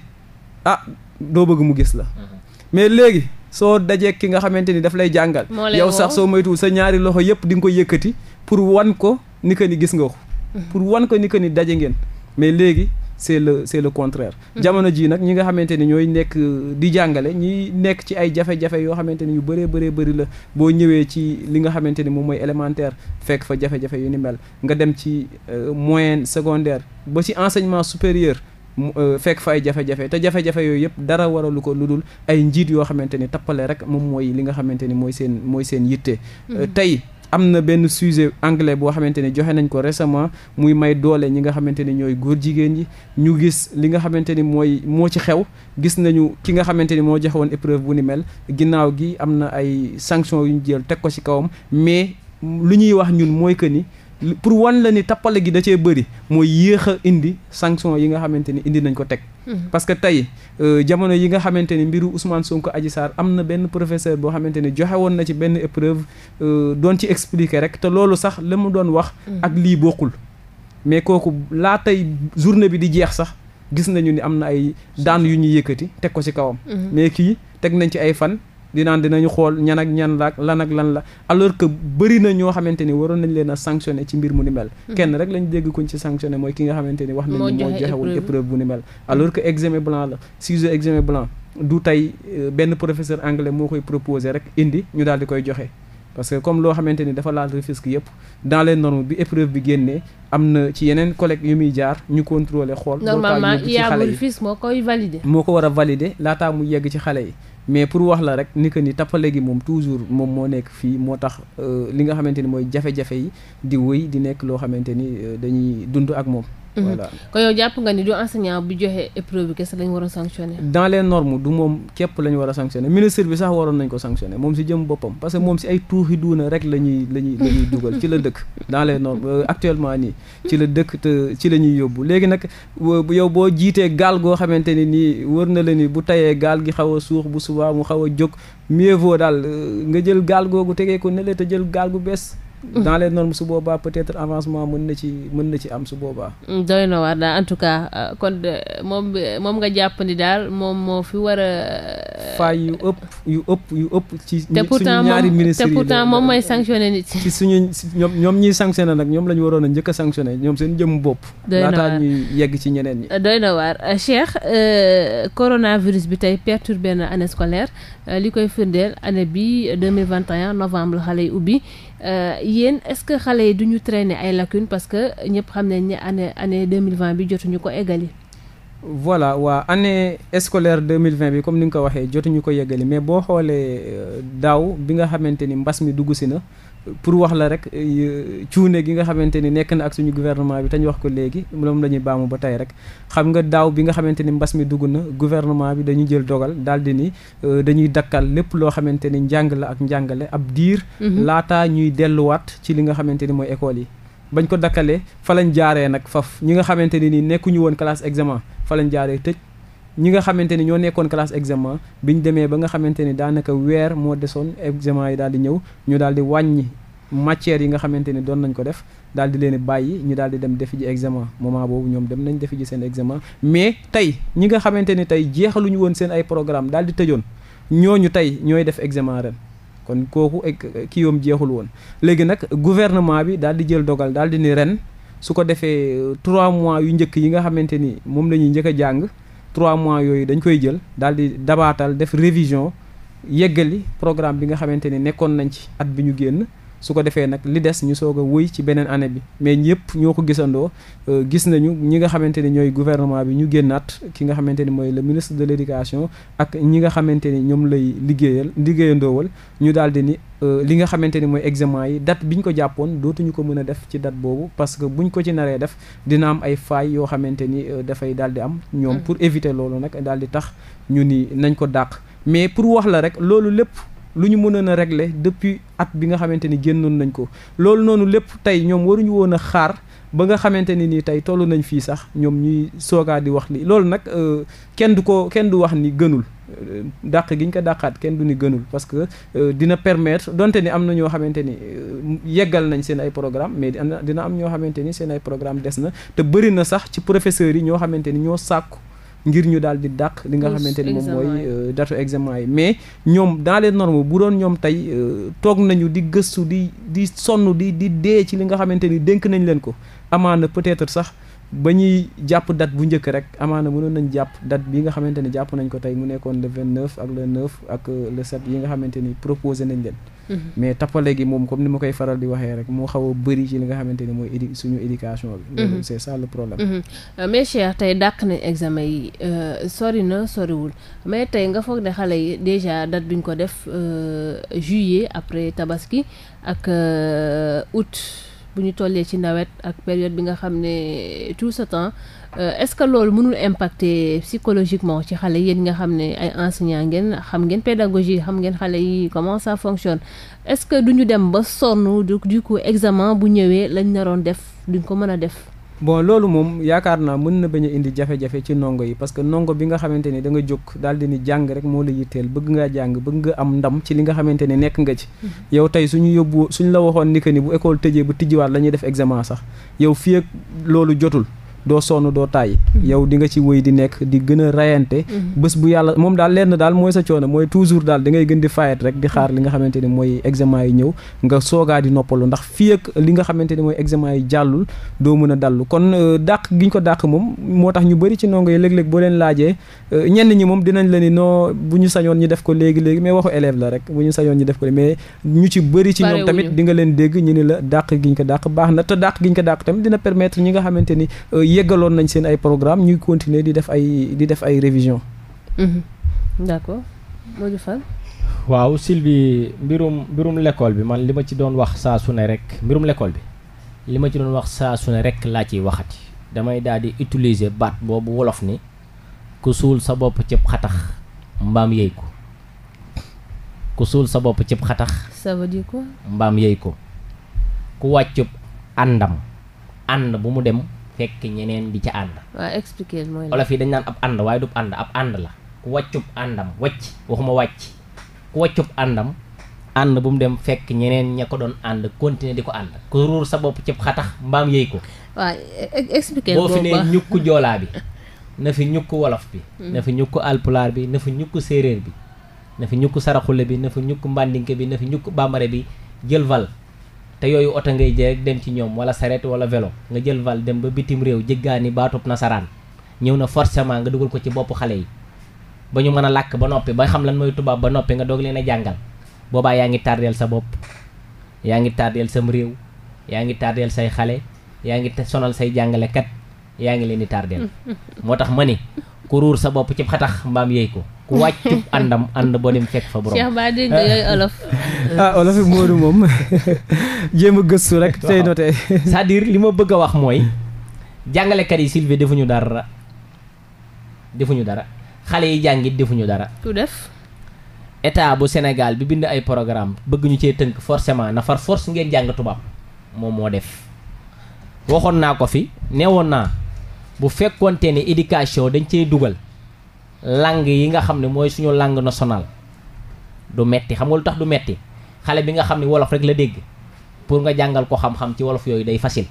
C: ah doo mu gis la. Hmm. mais léegi soo dajee ki nga xamante ni daf lay jàngal yow sax soo moytuwul sa ñaari loxo yëpp di nga ko yëkkati pour wan ko ni que ni gis nga ko mm-hmm. pour wan ko ni que ni daje ngeen mais léegi c'est le c'est le contraire mm-hmm. jamono ji nag ñi nga xamante ni ñooy nekk euh, di jàngale ñi nekk ci ay jafe-jafe yoo xamante ni yu bëree bëree bëri la boo ñëwee ci li nga xamante ni moom mooy élémentaire fekk fa jafe-jafe yu ni mel nga dem ci euh, moyenne secondaire ba ci enseignement supérieur Euh, fekk fa ay jafe-jafe te jafe-jafe yooyu yëpp dara waralu ko lu dul ay njiit yoo xamante ni tappale rek moom mooy li nga xamante ni mooy seen mooy seen yitte euh, mhm. tey am na benn sujet anglais boo xamante ni joxe nañ ko récemment muy may doole ñi nga xamante ni ñooy góor jigéen ñi ñu gis li nga xamante ni mooy moo ci xew gis nañu ki nga xamante ni moo joxe woon épreuve bu ni mel ginnaaw gi am na ay sanctions yu ñu jël teg ko ci kawam mais lu ñuy wax ñun mooy que ni pour wan la ni tappale gi da cee bëri mooy yéex a indi sanction yi nga xamante ni indi nañ ko teg hmm. parce que tey euh, jamono yi nga xamante ni mbiru Ousmane Sonko Adji Sarr am na benn professeur boo xamante ni joxe woon na ci benn épreuve euh, doon ci expliquer rek te loolu sax la mu doon wax hmm. ak lii bokkul mais kooku laa tey journée bi di jeex sax gis nañu ni am na ay daan yu ñu yëkkati teg ko ci kawam hmm. mais kii teg nañ ci ay fan di dinañu xool ñan ak ñan la ak lan la alors que bëri na ñoo xamante ni waroon nañ leen a sanctionné ci mbir mu ni mel. Mhm. kenn rek lañu dégg kuñ ci sanctionné mooy ki nga xamante ni wax nañ moo joxewul épreuve bu ni mel alors que examen blanc la sujet examen blanc du tey euh, benn professeur anglais moo koy proposé rek indi ñu daal di koy joxe. parce que comme loo xamante ni dafa laal yëpp dans les normes bi épreuve bi génnee am na ci yeneen collègues yu muy jaar ñu contrôler xool. normalement IA bu
A: moo koy valider.
C: moo ko war a valider laataa mu yegg ci xale yi. mais pour wax la rek ni que ni tappale gi moom toujours moom moo nekk fii moo tax euh, li nga xamante ni mooy jafe-jafe yi di wëy di nekk loo xamante ni euh, dañuy dund ak moom Mhm. voilà
A: kon jàpp nga ni du enseignant bu joxe épreuve bi kese lañ war a sanctionné.
C: dans les norme du moom képp lañu ñu war a sanctionné ministre bi sax waroon nañ ko sanctionné moom si jëm boppam parce que moom si ay tuuxi duuna rek la ñuy la ñuy la ñuy dugal ci la dëkk. dans les normes euh, actuellement nii ci la dëkk te ci la ñuy yóbbu léegi nag yow boo jiitee gaal goo xamante ni nii wër na la ni bu tayee gaal gi xaw a suux bu subaa mu xaw a jóg mieux vaut daal euh, nga jël gaal googu tegee ko ne la te jël gaal gu bees. naa les normes su boobaa peut-être avancement mën na ci mën na ci am su boobaa.
A: Mm, doy na waar daal en tout cas euh, kon moom moom nga jàpp ni daal moom moo fi war a. Euh,
C: faay yu ëpp yu ëpp yu ëpp. ci suñu ñaari ministres yi te pourtant moom
A: mooy sanctionné nit. ci
C: suñu ñoom ñoom ñuy sanctionné nag ñoom la ñu waroon a njëkk a ñoom seen jëm bopp. doy na waar laataa ñuy yegg ci ñeneen ñi.
A: Euh, doy na waar Cheikh coronavirus bi tey perturbé benn année scolaire li koy firndeel année bi 2021 novembre xale yi ubbi. Euh, yéen est-ce que xale yi duñu traîner ay lacunes parce que ñëpp xam nañ ne année année deux mille vingt bi jotuñu ko eggali.
C: voilà waa année scolaire deux mille vingt bi comme ni nga ko waxee jotuñu ko yeggali mais boo xoolee euh, daaw bi nga xamante ni mbas mi dugg si na. pour wax la rek euh, cuune gi nga xamante ni nekk na ak suñu gouvernement bi te ñu wax ko léegi moom la ñuy baamu ba tey rek xam nga daaw bi nga xamante ni mbas mi dugg na gouvernement bi dañuy jël dogal daal di ni euh, dañuy dakkal lépp loo xamante ni njàng la ak njàngale ab diir. Mhm. laata ñuy delluwaat ci li nga xamante ni mooy école yi. bañ ko dakkalee fa lañ jaaree nag faf ñi nga xamante ni nii nekkuñu woon classe examen fa lañ jaaree tëj. ñi nga xamante ni ñoo nekkoon classe examen bi demee ba nga xamante ni daanaka weer moo desoon examen yi daal di ñëw ñu daal di wàññi matières yi nga xamante ni doon nañ ko def daal di leen bàyyi ñu daal di dem defi ji examen moment boobu ñoom dem nañ defi ji seen examen mais tey ñi nga xamante ni tey jeexaluñu woon seen ay programme daal di tëjoon ñooñu tey ñooy def examen ren kon kooku kii yoom jeexul woon léegi nag gouvernement bi daal di jël dogal daal di ni ren su ko defee trois mois yu njëkk yi nga xamante ni moom la ñuy njëkk a jàng trois mois yooyu dañ koy jël daal di dabaatal def révision yeggali programme bi nga xamante ne nekkoon nañ ci at bi ñu génn su ko defee nag li des ñu soog a wuy ci beneen année bi mais ñëpp ñoo ko gisandoo euh, gis nañu ñi nga xamante ni ñooy gouvernement bi ñu génnaat ki nga xamante ni mooy le ministre de l'éducation ak ñi nga xamante ni ñoom lay liggéeyal liggéeyandoowal ñu daal di ni euh, li nga xamante ni mooy examen yi date bi ñu ko jàppoon dootuñu ko mën a def ci date boobu parce que buñ ko ci naree def dina am ay failles yoo xamante ni euh, dafay daal di am ñoom mm. pour éviter loolu nag daal di tax ñu ni nañ ko dàq mais pour wax la rek loolu lépp lu ñu mënoon a regle depuis at bi nga xamante ni génnoon nañ ko loolu noonu lépp tey ñoom waruñu woon a xaar ba nga xamante ni nii tey toll nañ fii sax ñoom ñuy soogaa di wax li loolu nag euh, kenn du ko kenn du wax ni gënul euh, dàq gi ñu ko dàqaat kenn du ni gënul parce que euh, dina permettre donte ni am na ñoo xamante ni yeggal nañ seen ay programme mais dina am ñoo xamante ni seen ay programme des na te bëri na sax ci professeurs yi ñoo xamante ni ñoo sàkku ngir ñu daal di dàq li nga xamante ni moom mooy euh, datu examen yi mais ñoom dans les normes bu doon ñoom tey euh, toog nañu di gëstu di di sonn di di dee ci li nga xamante ni dénk nañ leen ko amaana peut-être sax ba ñuy jàpp date bu njëkk rek amaana mënoon nañ jàpp date bi nga xamante ni jàpp nañ ko tey mu nekkoon le vingt neuf ak le neuf ak euh, le sept yi nga xamante ni proposé nañ leen mhm. mais tappale gi moom comme ni ma koy faral di waxee rek moo xaw a bëri ci li nga xamante ni mooy édi suñu éducation bi mhm. c'est ça le problème
A: mais mhm. euh, cher tey dàq nañ examen yi euh, sori na soriwul mais tey nga foog ne xale yi déjà date bi ñu ko def juillet après tabaski ak août bu ñu tollee ci nawet ak période bi nga xam ne tout ce temps euh, est-ce que loolu mënul impacter psychologiquement ci xale yéen nga xam ne ay enseignants ngeen xam ngeen pédagogie xam ngeen xale yi comment ça fonctionne est-ce que du dem ba sonn du du ko examen bu ñëwee lañ naroon def duñ ko mën a def.
C: bon loolu moom yaakaar naa mën na bañ a indi jafe-jafe ci nongo yi parce que nongo bi nga xamante ni danga nga jóg daal di ni jàng rek moo la yitteel bëgg ngaa jàng bëgg nga am ndam ci li nga xamante ne nekk nga ci mhm. yow tey su ñu yóbbu suñ la waxoon ni que ni bu école tëjee bu tijjiwaat la ñuy def examen sax yow fii ak loolu jotul doo sonn doo tàyyi yow di nga ci wéy di nekk di gën a rayante mm-hmm. bés bu yàlla moom daal lenn daal mooy sa coono mooy toujours daal da ngay gën di fayet rek di xaar li nga xamante ni mooy examen yi ñëw nga soogaa di noppalu ndax fii ak li nga xamante ni mooy examen yi jàllul doo mën a dallu kon euh, dàq gi ñu ko dàq moom moo tax ñu bari ci ndongo yi léeg-léeg boo leen laajee euh, ñenn ñi moom dinañ la ni noo bu ñu sañoon ñu def ko léegi-léegi mais waxu élève la rek bu ñu sañoon ñu def ko mais ñu ci bëri ci ñoom tamit di nga leen dégg ñu ni la dàq gi ko dàq baax na te dàq gi ñu ko dàq tamit dina permettre ñi nga xamante ni euh, yëggaloon nañ seen ay programme ñuy continuer di def ay di def ay révision
A: mhm. d'accord Modou Fall
C: waaw Sylvie mbirum mbirum lekkool bi
B: man li ma ci doon wax saa su ne rek mbirum lekkool bi li ma ci doon wax saa su ne rek laa ciy waxati damay daal di utiliser baat boobu wolof ni ku suul sa bopp cib xatax mbaam yey ko ku suul sa bopp cib xatax ça mbaam yey ko ku wàccub àndam ànd bu mu dem fekk ñeneen di ca ànd.
A: waaw expliquer olof yi
B: dañ naan ab ànd waaye du ànd ab ànd la ku wàccub àndam wàcc waxuma wàcc ku wàccub àndam ànd bu mu dem fekk ñeneen ña ko doon ànd continuer di ko ànd. ku ruur sa bopp cib xatax mbaam yëy ko.
A: waaw expliquer boo fi ne
B: ñukk joolaa bi na fi ñukk wolof bi. Hmm. na fi ñukk alpulaar bi na fi ñukk séeréer bi. na fi ñukk saraxule bi na fi ñukk mbàndinke bi na fi ñukk bambare bi jël val. te yooyu oto ngay jël rek dem ci ñoom wala saret wala vélo nga jël val dem ba bitim réew jëggaani baatub nasaraan ñëw na forcément nga dugal ko ci bopp xale yi ba ñu mën a làkk ba noppi ba xam lan mooy tubaab ba noppi nga doog leen a jàngal boobaa yaa ngi tardeel sa bopp yaa ngi tardeel sam réew yaa ngi tardeel say xale yaa ngi sonal say jàngalekat yaa ngi leen di tardeel mm-hmm. moo tax ma ni ku sa bopp ci xatax mbaam yéy ko ku wàccub àndam ànd boo dem fekk fa borom. Cheikh Ba
A: dégg nga yooyu olof.
B: ah olof Moodu moom jéem a gëstu rek tey noté. cest li ma bëgg a wax mooy jàngalekat yi Sylvie defuñu dara defuñu dara xale yi jàngit defuñu dara. ku def. état bu Sénégal bi bind ay programme bëgguñu cee tënk forcément na far force ngeen jàng tubaab moom moo def waxoon naa ko fi neewoon naa bu fekkoonte ne éducation dañ cee dugal. làng yi nga xam ne mooy suñu làng nationale du metti xam lu tax du metti xale bi nga xam ne wolof rek la dégg pour nga jàngal ko xam-xam ci wolof yooyu day facile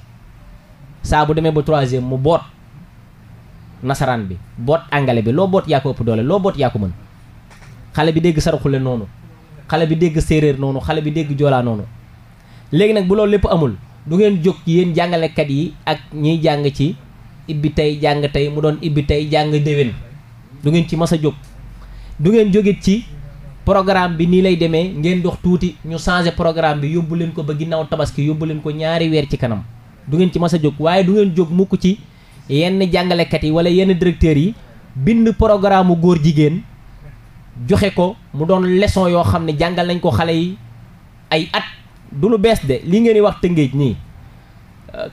B: saa bu demee ba troisième mu boot nasaraan bi boot angale bi loo boot yaa ko ëpp doole loo boot yaa ko mën xale bi dégg saraxule noonu xale bi dégg séeréer noonu xale bi dégg joolaa noonu léegi nag bu loolu lépp amul du ngeen jóg yéen jàngalekat yi ak ñiy jàng ci ibbi tey jàng tey mu doon ibbi tey jàng déwén du ngeen ci mas a jóg du ngeen jógit ci programme bi nii lay demee ngeen dox tuuti ñu changé programme bi yóbbu leen ko ba ginnaaw tabaski yóbbu leen ko ñaari weer ci kanam du ngeen ci mas a jóg waaye du ngeen jóg mukk ci yenn jàngalekat yi wala yenn directeurs yi bind programme mu góor jigéen joxe ko mu doon leçon yoo xam ne jàngal nañ ko xale yi ay at du lu bees de li ngeen yi wax tëngéej nii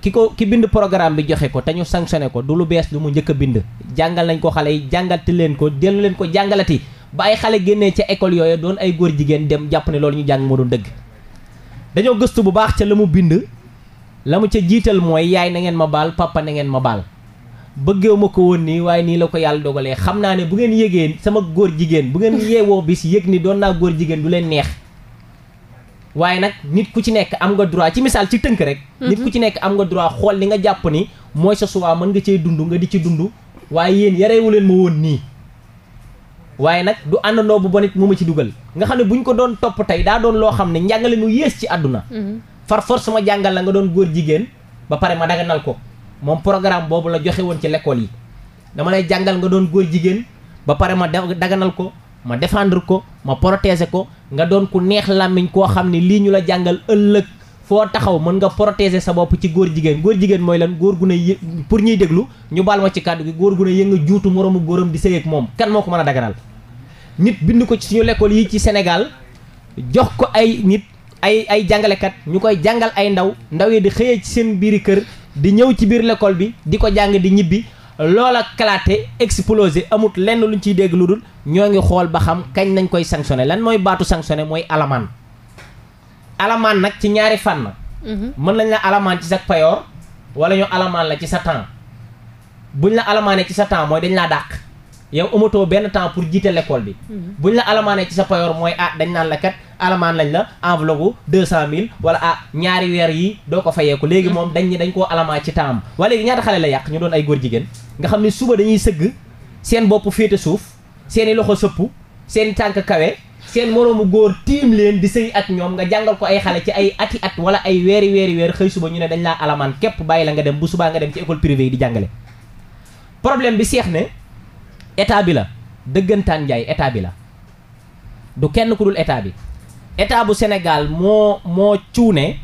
B: ki ko ki bind programme bi joxe ko te ñu sanctionné ko du lu bees lu mu njëkk bind jàngal nañ ko xale yi jàngalti leen ko dellu leen ko jàngalati ba ay xale génne ca école yooyu doon ay góor jigéen dem jàpp ne loolu ñu jàng moo doon dëgg dañoo gëstu bu baax ca la mu bind la mu ca jiital mooy yaay na ngeen ma baal papa na ngeen ma baal bëggeewu ma ko woon nii waaye nii la ko yàlla dogalee xam naa ne bu ngeen yégee sama góor jigéen bu ngeen yeewoo bis yëg ni doon naa góor jigéen du leen neex waaye nag nit ku ci nekk am nga droit ci misaal ci tënk rek. Mhm. nit ku ci nekk am nga droit xool li nga jàpp ni mooy sa choix mën nga cee dund nga di ci dund waaye yéen yareewu leen ma woon nii. waaye nag du àndandoo bu bon it mu ma ci dugal nga xam ne bu ñu ko doon topp tey daa doon loo xam ne njàngale mu yées ci àdduna. Mhm. far force ma jàngal la nga doon góor jigéen ba pare ma daganal ko moom programme boobu la joxe woon ci lekkool yi dama lay jàngal nga doon góor jigéen ba pare ma daganal ko. ma défendre ko ma protéger ko nga doon ku neex làmmiñ koo xam ne lii ñu la jàngal ëllëg foo taxaw mën nga protéger sa bopp ci góor jigéen góor jigéen mooy lan góor gu ne yë pour ñuy déglu ñu baal ma ci kàddu gi góor gu ne yënga juutu moroomu góoram di sëy ak moom kan moo ko mën a daganal nit bind ko ci suñu lekkool yi ci senegal jox ko ay nit ay ay jàngalekat ñu koy jàngal ay ndaw ndaw yi di xëyee ci seen biiri kër di ñëw ci biir lekkool bi di ko jàng di ñibbi loola kalaate explosé amut lenn luñ ciy dégg lu dul ñoo ngi xool ba xam kañ nañ koy sanctionné lan mooy baatu sanctionné mooy alamaan alamaan nag ci ñaari fànn mhm. mën nañ la alamaan ci sa payoor wala ñu alamaan la ci sa temps buñ la alamaanee ci sa temps mooy dañ laa dàq yow amatoo benn temps pour jiite l'école bi bu mhm. buñ la alamaanee ci sa payoor mooy ah dañ naan la kat alamaan lañ la enveloppe deux cent mille wala ah ñaari weer yi doo ko fayeeku léegi moom dañ dañ koo alamaa ci taam wala léegi ñaata xale la yàq ñu doon ay góor jigéen nga xam ne suba dañuy sëgg seen bopp féete suuf seeni loxo sëppu seen i tànk kawe seen moroomu góor tiim leen di sëy ak ñoom nga jàngal ko ay xale ci ay ati at wala ay weeri weeri weer xëy suba ñu ne dañ laa alamaan képp bàyyi la nga dem bu subaa nga dem ci école privée yi di jàngale problème bi seex ne état bi la dëggantaan njaay état bi la du kenn ku état bi état bu Sénégal moo moo cuune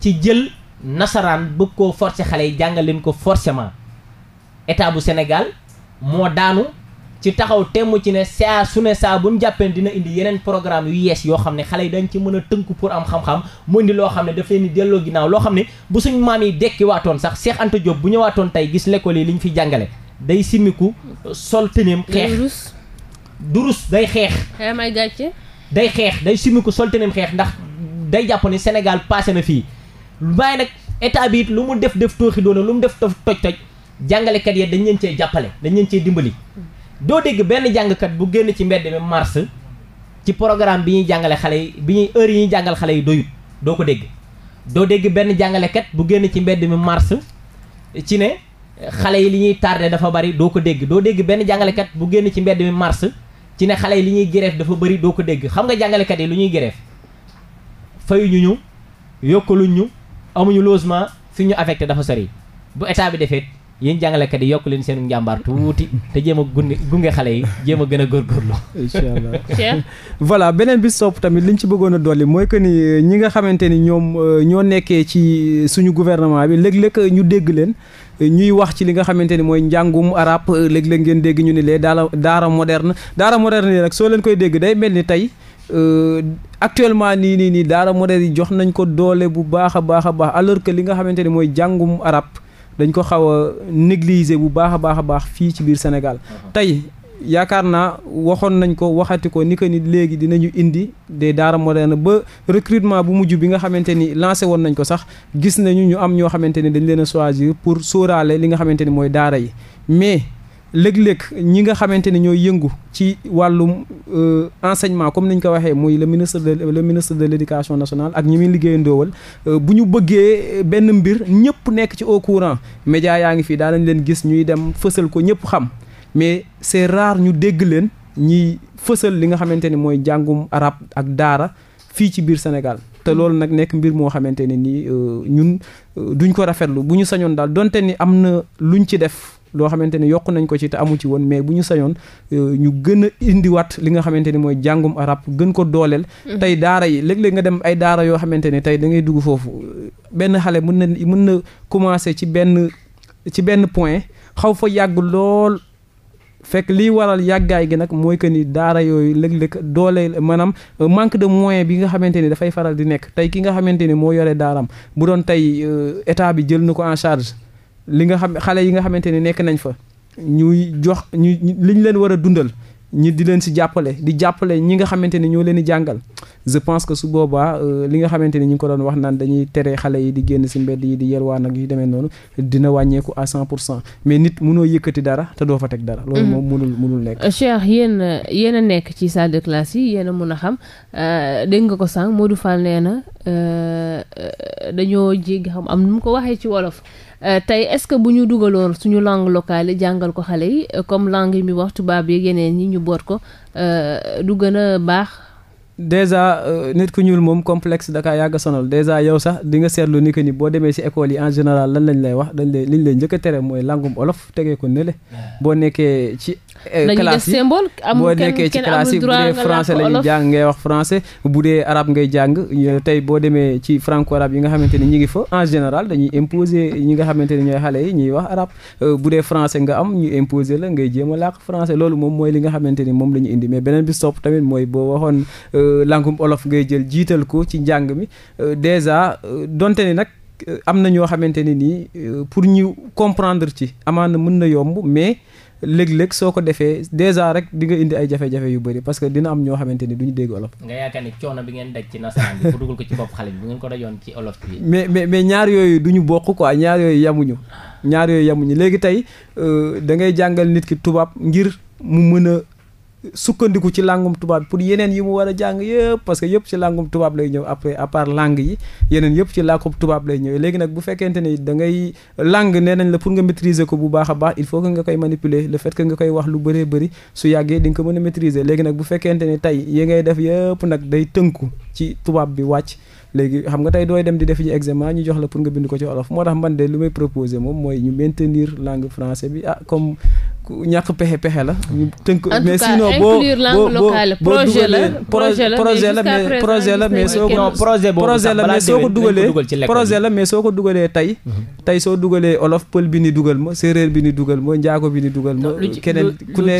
B: ci jël nasaraan bëgg koo forcer xale yi jàngal leen ko forcément état bu Sénégal moo daanu ci taxaw temm ci ne saa su ne saa buñ jàppeen dina indi yeneen programme yu yees yoo xam ne xale yi dañ ci mën a tënku pour am xam-xam mu indi loo xam ne daf leen di delloo ginnaaw loo xam ne bu suñ maam yi dekki waatoon sax Cheikh Anta Diop bu ñëwaatoon tey gis l'école yi li ñu fi jàngale day simmiku sol tëneem xeex durus day xeex day xeex day simiku solteneem xeex ndax day jàpp ne Sénégal passé na fii waaye nag état bi lu mu def def tooxi doona lu mu def def toj-toj jàngalekat ya dañ leen cee jàppale dañ leen cee dimbali doo dégg benn jàngkat bu génn ci mbedd mi ci programme bi ñuy jàngale xale yi bi heure yi jàngal xale yi doyut doo ko dégg doo dégg benn jàngalekat bu génn ci mbedd mi mars ci ne xale yi li ñuy tardé dafa bari doo ko dégg doo dégg benn jàngalekat bu génn ci mbedd mi mars ci ne xale yi li ñuy grève dafa bëri doo ko dégg xam nga jàngalekat yi lu ñuy grève fayuñu ñu yokkaluñ ñu amuñu losement fi ñu affecté dafa sori bu état bi defee yéen jàngalekat yi yokk leen seen njàmbaar tuuti te jéem a gunge gunge xale yi jéem a gën a góorgóorlu.
C: incha allah voilà beneen bi sopp tamit li ñu ci bëggoon a dolli mooy que ni ñi nga xamante ni ñoom euh, ñoo nekkee ci suñu gouvernement bi léeg-léeg ñu dégg leen. ñuy wax ci li nga xamante ni mooy njàngum arab euh, léeg-léeg ngeen dégg ñu ni lee daara daara moderne daara moderne yi nag soo leen koy dégg day mel ni tey euh, actuellement nii nii nii daara moderne yi jox nañ ko doole bu baax a baax a baax alors que li nga xamante ni mooy jàngum arab dañ ko xaw a négliger bu baax a baax a baax fii ci biir Sénégal tey yaakaar naa waxoon nañ ko waxati ko ni que nit léegi dinañu indi des daara moderne ba recrutement bu mujj bi nga xamante ni lancé woon nañ ko sax gis nañu ñu am ñoo xamante ni dañ leen a choisir pour sóoraale li nga xamante ni mooy daara yi mais léeg-léeg ñi nga xamante ni ñooy yëngu ci wàllum euh, enseignement comme niñ ko waxee muy le ministre de le ministre de l' éducation nationale ak ñi muy liggéeyandoowal euh, bu ñu bëggee benn mbir ñëpp nekk ci au courant média yaa ngi fii daa nañ leen gis ñuy dem fësal ko ñëpp xam mais c'est rare ñu dégg leen ñiy fësal li nga xamante ni mooy jàngum arab ak daara fii ci biir Sénégal te loolu nag nekk mbir moo xamante ne ni euh, ñun euh, duñ ko rafetlu bu ñu sañoon daal doonte ni am na luñ ci def loo xamante ne yokk nañ ko ci te amu ci woon mais bu ñu sañoon euh, ñu gën a indiwaat li nga xamante ni mooy jàngum arab gën ko dooleel. Mm-hmm. tey daara yi léeg-léeg nga dem ay daara yoo xamante ne tey da ngay dugg foofu benn xale mën na mën na commencé ci benn ci benn point xaw fa yàgg lool. fekk liy waral yàggaay gi nag mooy que ni daara yooyu léeg-léeg doole maanaam euh, manque de moyen bi nga xamante ni dafay faral di nekk tey ki nga xamante ni moo yore daaram bu doon tey euh, état bi jël na ko en charge li nga xam xale yi nga xamante ni nekk nañ fa ñuy jox ñu liñ leen war a dundal ñi di leen si jàppale di jàppale ñi nga xamante ni ñoo leen di jàngal je pense que su boobaa euh, li nga xamante ne ñu ngi ko doon wax naan dañuy tere xale yi di génn si mbedd yi di yelwaan ak yu demee noonu dina wàññeeku à cent pour cent mais nit munoo yëkkati dara te doo fa teg dara. loolu mm-hmm. moom mënul mënul nekk.
A: Euh, Cheikh yéen yéen nekk ci salle de classe yi yéen a mun a xam euh, dégg nga ko sànq Modou Fall nee na dañoo jéggi xam am nu mu ko waxee ci wolof. Euh, tey est-ce que bu ñu dugaloon suñu langue locale yi jàngal ko xale yi euh, comme langue yi mi wax tubaab yi yeneen ñi ñu boot ko euh, du gën a baax.
C: déjà nit ku ñuul moom complexe da kaa yàgg sonal déjà yow sax di nga seetlu ni que ni boo demee ci école yi en général lan lañ lay wax dañ lay liñ lay njëkk a tere mooy langum olof tegee ko nële boo nekkee ci. Euh, dañuy def symbole amul kenn kenn amul droit nga làkk olof ngay wax français bu dee arab ngay jàng euh, tey boo demee ci franco arabe yi nga xamante ni ñi ngi fa en général dañuy imposer ñi nga xamante ni ñooy xale yi ñuy wax arab euh, bu dee français nga am ñu imposer la ngay jéem a làkk français loolu moom mooy li nga xamante ni moom la ñu indi mais beneen bi sopp tamit mooy boo waxoon lànkum olof ngay jël jiital ko ci njàng mi déjà donte ni nag am na ñoo xamante ni nii pour ñu comprendre ci amaana mën na yomb mais léeg-léeg soo ko defee dèjà rek di nga indi ay jafe-jafe yu bëri parce que dina am ñoo xamante ni du ñu dégg olof.
B: nga yaakaar ni coono bi ngeen daj ci nasaraan bi bu dugal ko ci bopp xale bi bu ngeen ko dajoon ci olof bi.
C: mais mais mais ñaar yooyu du ñu bokk quoi ñaar yooyu yamuñu ñaar yooyu yamuñu léegi tey euh, da ngay jàngal nit ki tubaab ngir mu mën a sukkandiku ci làngum tubaab pour yeneen yi mu war a jàng yëpp parce que yëpp ci làngum tubaab lay ñëw après à part langue yi yeneen yëpp ci làkku tubaab lay ñëw léegi nag bu fekkente ni da ngay langue nee nañ la pour nga maîtriser ko bu baax a il faut que nga koy manipuler le nga koy wax lu bëree bëri su yàggee di ko mën a maîtriser léegi nag bu fekkente ni tey yi ngay def yëpp nag day tënku ci tubaab bi wàcc léegi xam nga tey dooy dem di def ji examen ñu jox la pour nga bind ko ci wolof moo tax man de li may proposer moom mooy ñu maintenir langue français bi ah comme ñàkk pexe pexe la. ñu tënk mais sinon boo boo boo dugalee projet la mais projet la mais soo ko. projet boobu projet la mais soo ko dugalee projet la mais soo ko dugalee tey. Mhm. tey soo dugalee olof pël bi ni dugal ma séeréer bi ni dugal ma njaago bi ni dugal ma. keneen ku ne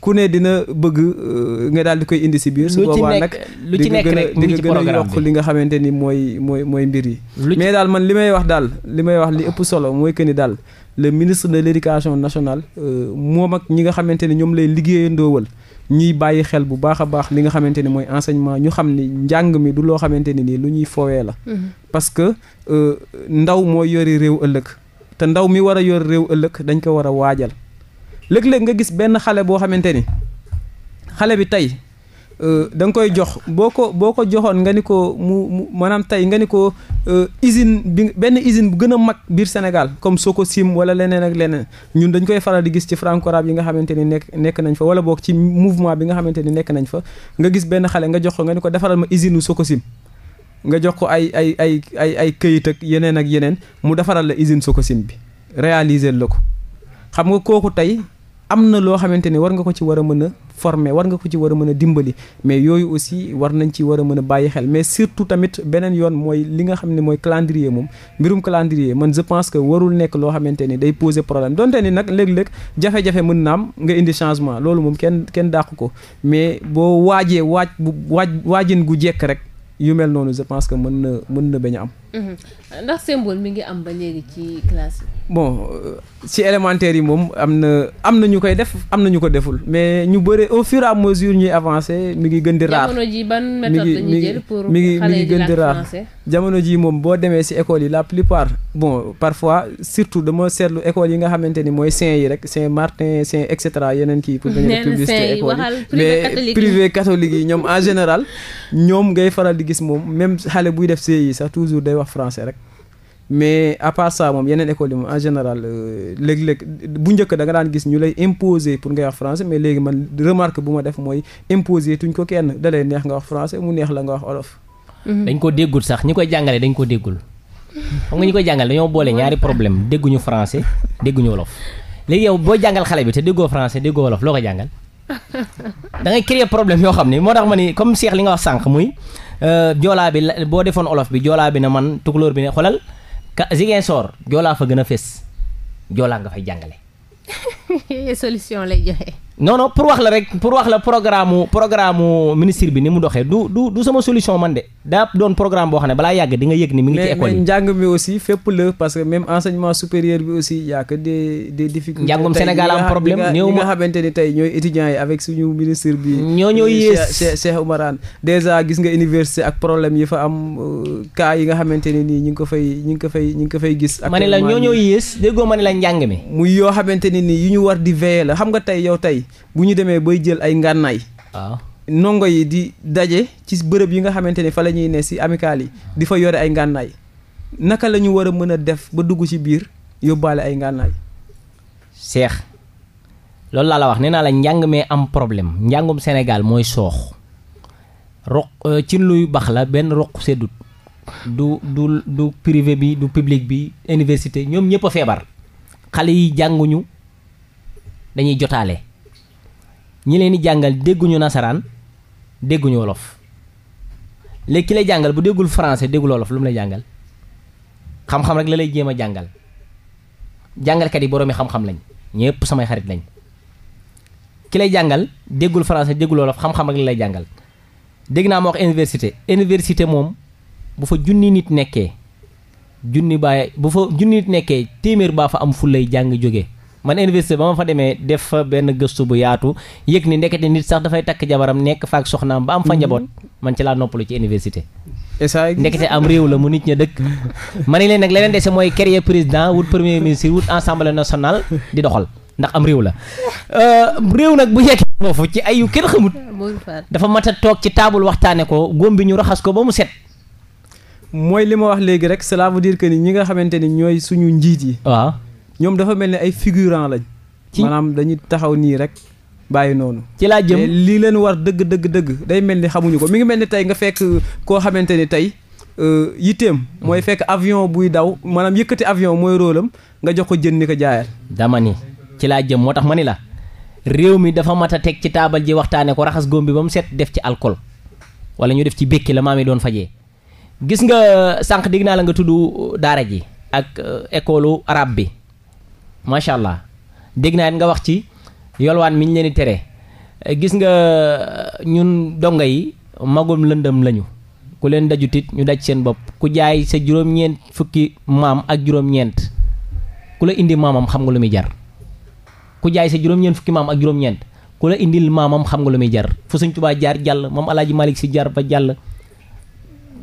C: ku ne dina bëgg euh, nga daal di koy indi si biir. su boobaa nag di nga gën a di nga gën a yokk li nga xamante ni mooy mooy mooy mbir yi. mais daal man li may wax daal li may wax li ëpp solo mooy que ni daal. le ministre de l' éducation nationale euh, moom ak ñi nga xamante ne ñoom lay liggéeyandoowal ñuy bàyyi xel bu baax a baax li nga xamante ni mooy enseignement ñu xam ni njàng mi du loo xamante ne nii lu ñuy foowee la. Mm-hmm. parce que euh, ndaw mooy yori réew ëllëg. te ndaw mi war a yor réew ëllëg dañ ko war a waajal léeg nga gis benn xale boo xamante ni xale bi tey Euh, da nga koy jox boo ko boo ko joxoon nga ni ko mu mu maanaam tey nga ni ko euh, usine bi benn usine bu gën a mag biir Sénégal comme Sococim wala leneen ak leneen ñun dañ koy faral di gis ci franco-arabe yi nga xamante ni nekk nekk nañ fa wala boog ci mouvement bi nga xamante ni nekk nañ fa nga gis benn xale nga jox ko nga ni ko defaral ma usine ko Sococim nga jox ko ay ay ay ay ay këyit ak yeneen ak yeneen mu defaral la usine Sococim bi réaliser la ko xam nga kooku tey. am na loo xamante ne war nga ko ci war a mën a former war nga ko ci war a mën a dimbali mais yooyu aussi war nañ ci war a mën a bàyyi xel mais surtout tamit beneen yoon mooy li nga xam ne mooy calendrier moom mbirum calendrier man je pense que warul nekk loo xamante ni day poser problème donte ni nag léeg-léeg jafe-jafe mën na am nga indi changement loolu moom kenn kenn dàq ko mais boo waajee waaj bu waaj waajin gu jekk rek yu mel noonu je pense que mën na mën na bañ a am
A: Mm-hmm. ndax symbole mi ngi am ba léegi ci classe yi.
C: bon euh, ci élémentaire yi moom am na am na ñu koy def am na ñu ko deful mais ñu bëre au fur et à mesure ñuy avancer mi ngi gën di raar jamono
A: ji ban méthode la mi ngi mi ngi gën di raar
C: jamono ji moom boo demee ci école yi la plupart bon parfois surtout dama seetlu école yi nga xamante ni mooy Saint yi rek Saint Martin Saint et cetera yeneen kii pour yi mais privé catholique yi ñoom en général ñoom ngay faral di gis moom même xale buy def CI sax toujours day wax wax français rek mais à part moom yeneen école yi moom en général euh, léeg-léeg bu njëkk da nga daan gis ñu lay imposer pour ngay wax français mais léegi man remarque bu ma def mooy imposer tuñ ko kenn da neex nga wax français mu neex la nga wax olof.
B: Mhm. dañ ko déggul sax ñi koy jàngale dañ ko déggul. xam nga ñi koy jàngale dañoo boole ñaari problème dégguñu français dégguñu wolof léegi yow boo jàngal xale bi te déggoo français déggoo wolof loo ko jàngal yoo xam ne moo tax ma ni comme Cheikh li nga wax sànq Euh, joolaa bi boo defoon olof bi joolaa bi na man tukulóor bi na xolal ka Ziguinchor joolaa fa gën a fes joolaa nga fay jàngale
A: solution lay joxe. Eh".
B: non non pour wax la rek pour wax la programme ni mu doxee du du du solution man de daa doon programme boo xam ne balaa yàgg nga
C: yëg ni mi ngi ci école yi mais njàng mi aussi fépp la parce que même enseignement supérieur bi aussi y a que des njàngum Sénégal am problème néew ma nga xamante ni tey ñooy étudiants yi avec suñu ministre bi. ñoo ñoo yées Cheikh Oumar Anne déjà gis nga université ak problème yi fa am euh, cas yi nga xamante ne nii ñu ngi ko fay ñu ngi ko fay ñu ngi ko fay gis. actuellement ma ne la ñoo ñoo yées déggoo ma ne la njàng mi. muy yoo xamante nii ñu di veiller la xam nga tey yow tey bu ñu demee bay jël ay ngànnaay waaw ndongo yi di daje ci bërëb yi nga xamante ni fa la ñuy ne si amical di fa yore ay ngànnaay naka la ñu war a mën a def ba dugg ci biir yóbbaale ay ngànnaay
B: seex loolu laa wax nee naa njàng mee am problème njàngum Sénégal mooy soox roq euh, ci luy bax la benn roq seddut du du du privé bi du public bi université ñoom ñëpp feebar xale yi jànguñu dañuy jotaale ñi leen di jàngal dégguñu nasaraan dégguñu wolof léegi ki lay jàngal bu déggul français déggul wolof lu mu lay jàngal xam-xam rek la lay jéem a jàngal jàngalkat yi boroomi xam-xam lañ ñëpp samay xarit lañ ki lay jàngal déggul français déggul wolof xam-xam rek la lay jàngal dégg naa moo wax université université moom bu fa junni nit nekkee junni baa bu fa junni nit nekkee téeméer baa fa am fu lay jàng jóge man université ba ma fa demee def benn gëstu bu yaatu yëg ni ndekete nit sax dafay takk jabaram nekk faak soxnaam ba am fa mhm. njaboot man ci laa noppalu ci université ndekete am réew la mu nit ña dëkk ma ne leen nag leneen dese mooy créer président wut premier ministre wut assemblée nationale di doxal ndax am réew la euh, réew nag bu yeggee foofu ci ay yu kenn xamut
C: dafa mat a toog ci taabul waxtaane ko góom bi ñu raxas ko ba mu set mooy li ma wax léegi rek cela veut dire que ni ñi nga xamante ni ñooy suñu njiit yi waaw ñoom dafa mel ni ay figurant lañ. ci maanaam dañuy taxaw nii rek bàyyi noonu. ci laa jëm lii leen war dëgg dëgg dëgg day mel ni xamuñu ko mi ngi mel ni tey nga fekk euh, koo xamante ni tey euh, yitteem. mooy mm. fekk avion buy daw maanaam yëkkati avion mooy rôlam nga jox ko jën ni ko jaayal. dama
B: ni ci laa jëm moo tax ma ni la réew mi dafa mat a teg ci taabal ji waxtaanee ko raxas góom bi ba mu set def ci alcool wala ñu def ci békki la maam yi doon fajee gis nga euh, sànq dégg naa la nga tudd daara ji ak école arabe bi. macha allah dégg naa nga wax ci yolwaan mi ñu leen di tere gis nga euh, ñun donga yi magum lëndëm lañu ku leen dajutit ñu daj seen bopp ku jaay sa juróom-ñeent fukki maam ak juróom-ñeent ku la indi maamam xam nga lu muy jar ku jaay sa juróom-ñeent fukki maam ak juróom ku la indil maamam xam nga lu muy jar fu Sëñ Tuubaa jaar jàll moom alaaj Malik Si jaar fa jàll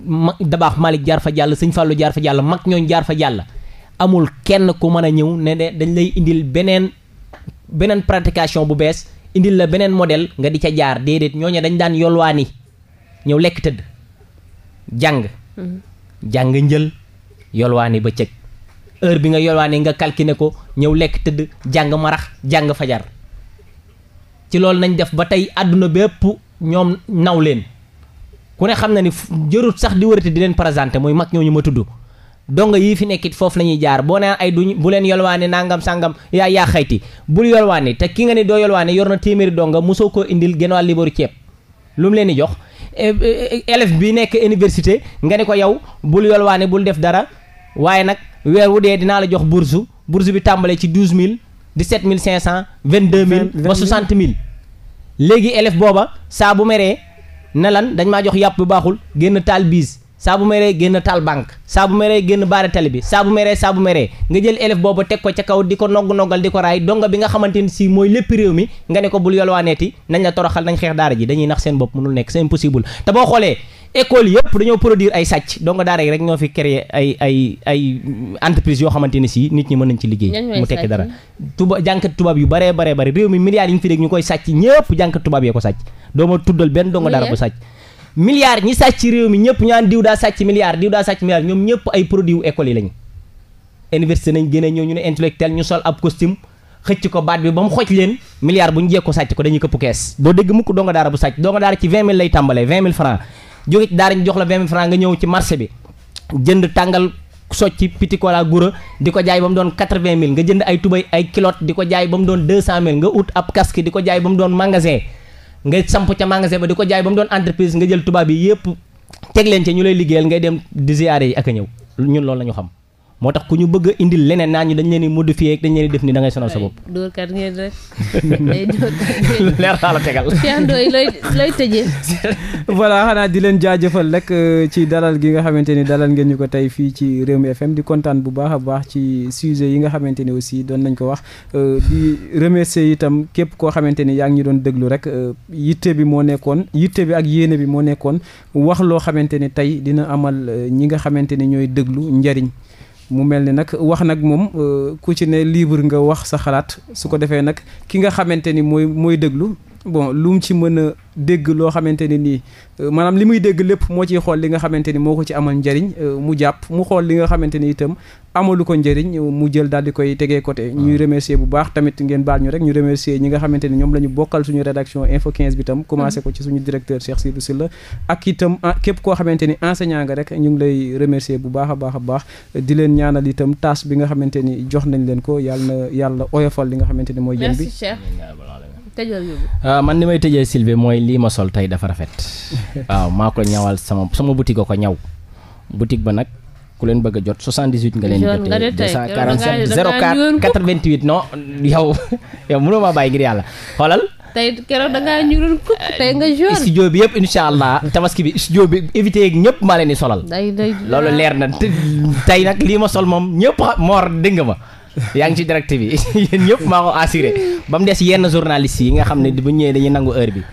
B: ma dabaax Malik jaar fa jàll Sëñ Fàllu jaar fa jàll mag ñooñ jaar fa jàll amul kenn ku mën a ñëw ne dañ lay indil beneen beneen pratication bu bees indil la beneen modèle nga di ca jaar déedéet ñooñu dañ daan yolwaani ñëw lekk tëdd jàng mm-hmm. jàng njël yolwaani bëccëg heure bi nga yolwaani nga calculer ko ñëw lekk tëdd jàng marax jàng fajar ci loolu nañ def ba tey àdduna bépp ñoom naw leen ku ne xam na ni jërut sax di wërati di leen présenté muy mag ñooñu ma tudd donga yii fi nekkit foofu la ñuy jaar boo naan ay duñ bu leen yolwaane nangam sangam yaa yaa xayti bul yolwaane te ki nga ne doo yolwaane yor na téeméeri donga mosoo koo indil genn wàll libaru ceeb lu mu leen di jox eh, eh, eh, élève bi nekk université nga ne ko yow bul yolwaane bul def dara waaye nag weer wu dee dinaa la jox bourse bourse bi tàmbalee ci douze mille dix-sept mille cinq cent vingt-deux mille ba soixante mille léegi élève booba saa bu meree na lan dañ maa jox yàpp bu baaxul génn taal biis saa bu meree génn taal banque saa bu meree génn baare tali bi saa bu meree saa bu meree nga jël élève boobu teg ko ca kaw di ko nogg-noggal di ko raay donga bi nga xamante ni si mooy lépp réew mi nga ne ko bul yolwaaneeti nañ la toroxal nañ xeex daara ji dañuy nax seen bopp mënul nekk c'est impossible te boo xoolee école yëpp dañoo produire ay sàcc donga daara yi rek ñoo fi créer ay ay ay entreprise yoo xamante ne si nit ñi mën nañ ci liggéey mu tekki dara tuba jànkat yu baree baree bari réew mi milliards yi ñu fi dégg ñu koy sàcc ñëpp jànkat tubaab yee ko sàcc dooma tuddal milliards ñi sàcc réew mi ñëpp ñu diw daa sàcc milliards diw daa sàcc milliards ñoom ñëpp ay produit wu yi lañu université nañ génne ñëw ñu ne intellectuel ñu sol ab costume xëcc ko baat bi ba mu xoj leen milliard bu ñu jekk ko sàcc ko dañuy këpp kees boo dégg mukk donga daara bu sàcc donga daara ci 20 000 lay tàmbalee 20 000 francs jóge ci daara ñu jox la 20 nga ñëw ci marché bi jënd tàngal socci pitikola gura di ko jaay ba mu doon 80 000 nga jënd ay tubay ay kilote di ko jaay ba mu doon 200 000 nga ut di ko jaay ba mu doon magasin nga samp ca magasin ba di ko jaay ba mu doon entreprise nga jël tubaab yi yëpp teg leen ci ñu lay liggéeyal ngay dem di yi ak a ñëw ñun loolu la ñu xam moo tax ku ñu bëgg a indil leneen naa ñu dañ leen di modifier dañ leen def ni da ngay sonal
C: sa bopp.
A: dóorkat
B: leer naa la tegal.
A: Cheikh looy looy tëjee.
C: xanaa di leen jaajëfal rek euh, ci dalal gi nga xamante ni dalal ngeen ñu ko tey fii ci Rewmi FM di kontaan bu baax a baax ci sujet yi nga xamante ni aussi doon nañ ko wax euh, di remercier itam képp koo xamante ni yaa ngi ñu doon déglu rek euh, yitte bi moo nekkoon yitte bi ak yéene bi moo nekkoon wax loo xamante ni tey dina amal ñi nga xamante ni ñooy déglu njariñ mu mel ni nag wax nag moom euh, ku ci ne libre nga wax sa xalaat su ko defee nag ki nga xamante ni mooy mooy déglu bon lu mu ci mën a dégg loo xamante ne nii euh, maanaam li muy dégg lépp moo ciy xool li nga xamante ni moo ko ci amal njariñ euh, mu jàpp mu xool li nga xamante ni itam amalu ko njëriñ euh, mu jël daal di koy tegee côté. Ah. ñuy remercier bu baax tamit ngeen baal ñu rek ñu remercier ñi nga xamante ni ñoom lañu ñu bokkal suñu rédaction info 15 bi tam. commencé ah. ko ci suñu directeur Cheikh Sidou Sylla ak itam ah, képp koo xamante ni enseignant nga rek ñu ngi lay remercier bu baax a baax a baax di leen ñaanal itam tâche bi nga xamante ni jox nañ leen ko yàlla na yàlla oyofal li nga xamante ni mooy jëm bi
A: tëjal yóbbu
B: ah, man ni may tëjee Sylvie mooy lii ma sol tey dafa rafet. waaw maa ko ñawal sama sama boutique ko ñaw boutique ba nag ku leen bëgg a jot 78 nga leen jotee 247 04 88 non yow yow mënoo maa yàlla xoolal.
A: tey keroog da ngaa ñuul kuk tey nga eh, jox
B: studio bi yëpp incha allah tabaski bi studio bi évité yeeg ñëpp maa leen di solal.
A: day day loolu leer
B: na tey nag lii ma sol moom ñëpp moo dégg nga ma. yaa ngi ci direct bi yéen ñëpp maa ko assuré ba mu des yenn journaliste yi nga xam ne bu ñëwee dañuy nangu heure bi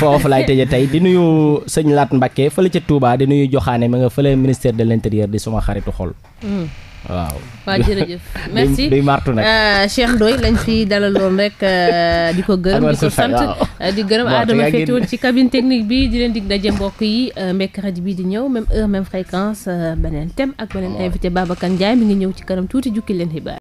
B: foofu laay tëjee tey di nuyu sëñ Laat Mbacké fële ca Touba di nuyu joxaane ma nga fële ministère de l'intérieur di suma xaritu xol mm. waaw waaw jërëjëf merci duy martu nag euh,
A: Cheikh Ndoye lañ fi dalaloon rek euh, di ko gërëm di ko sant euh, di gërëm Adama féete ci cabine technique bi di leen dig daje mbokk yi mercredi bi di ñëw même heure même fréquence beneen thème ak beneen invité Babacar Ndiaye mi ngi ñëw ci kanam tuuti jukki leen xibaar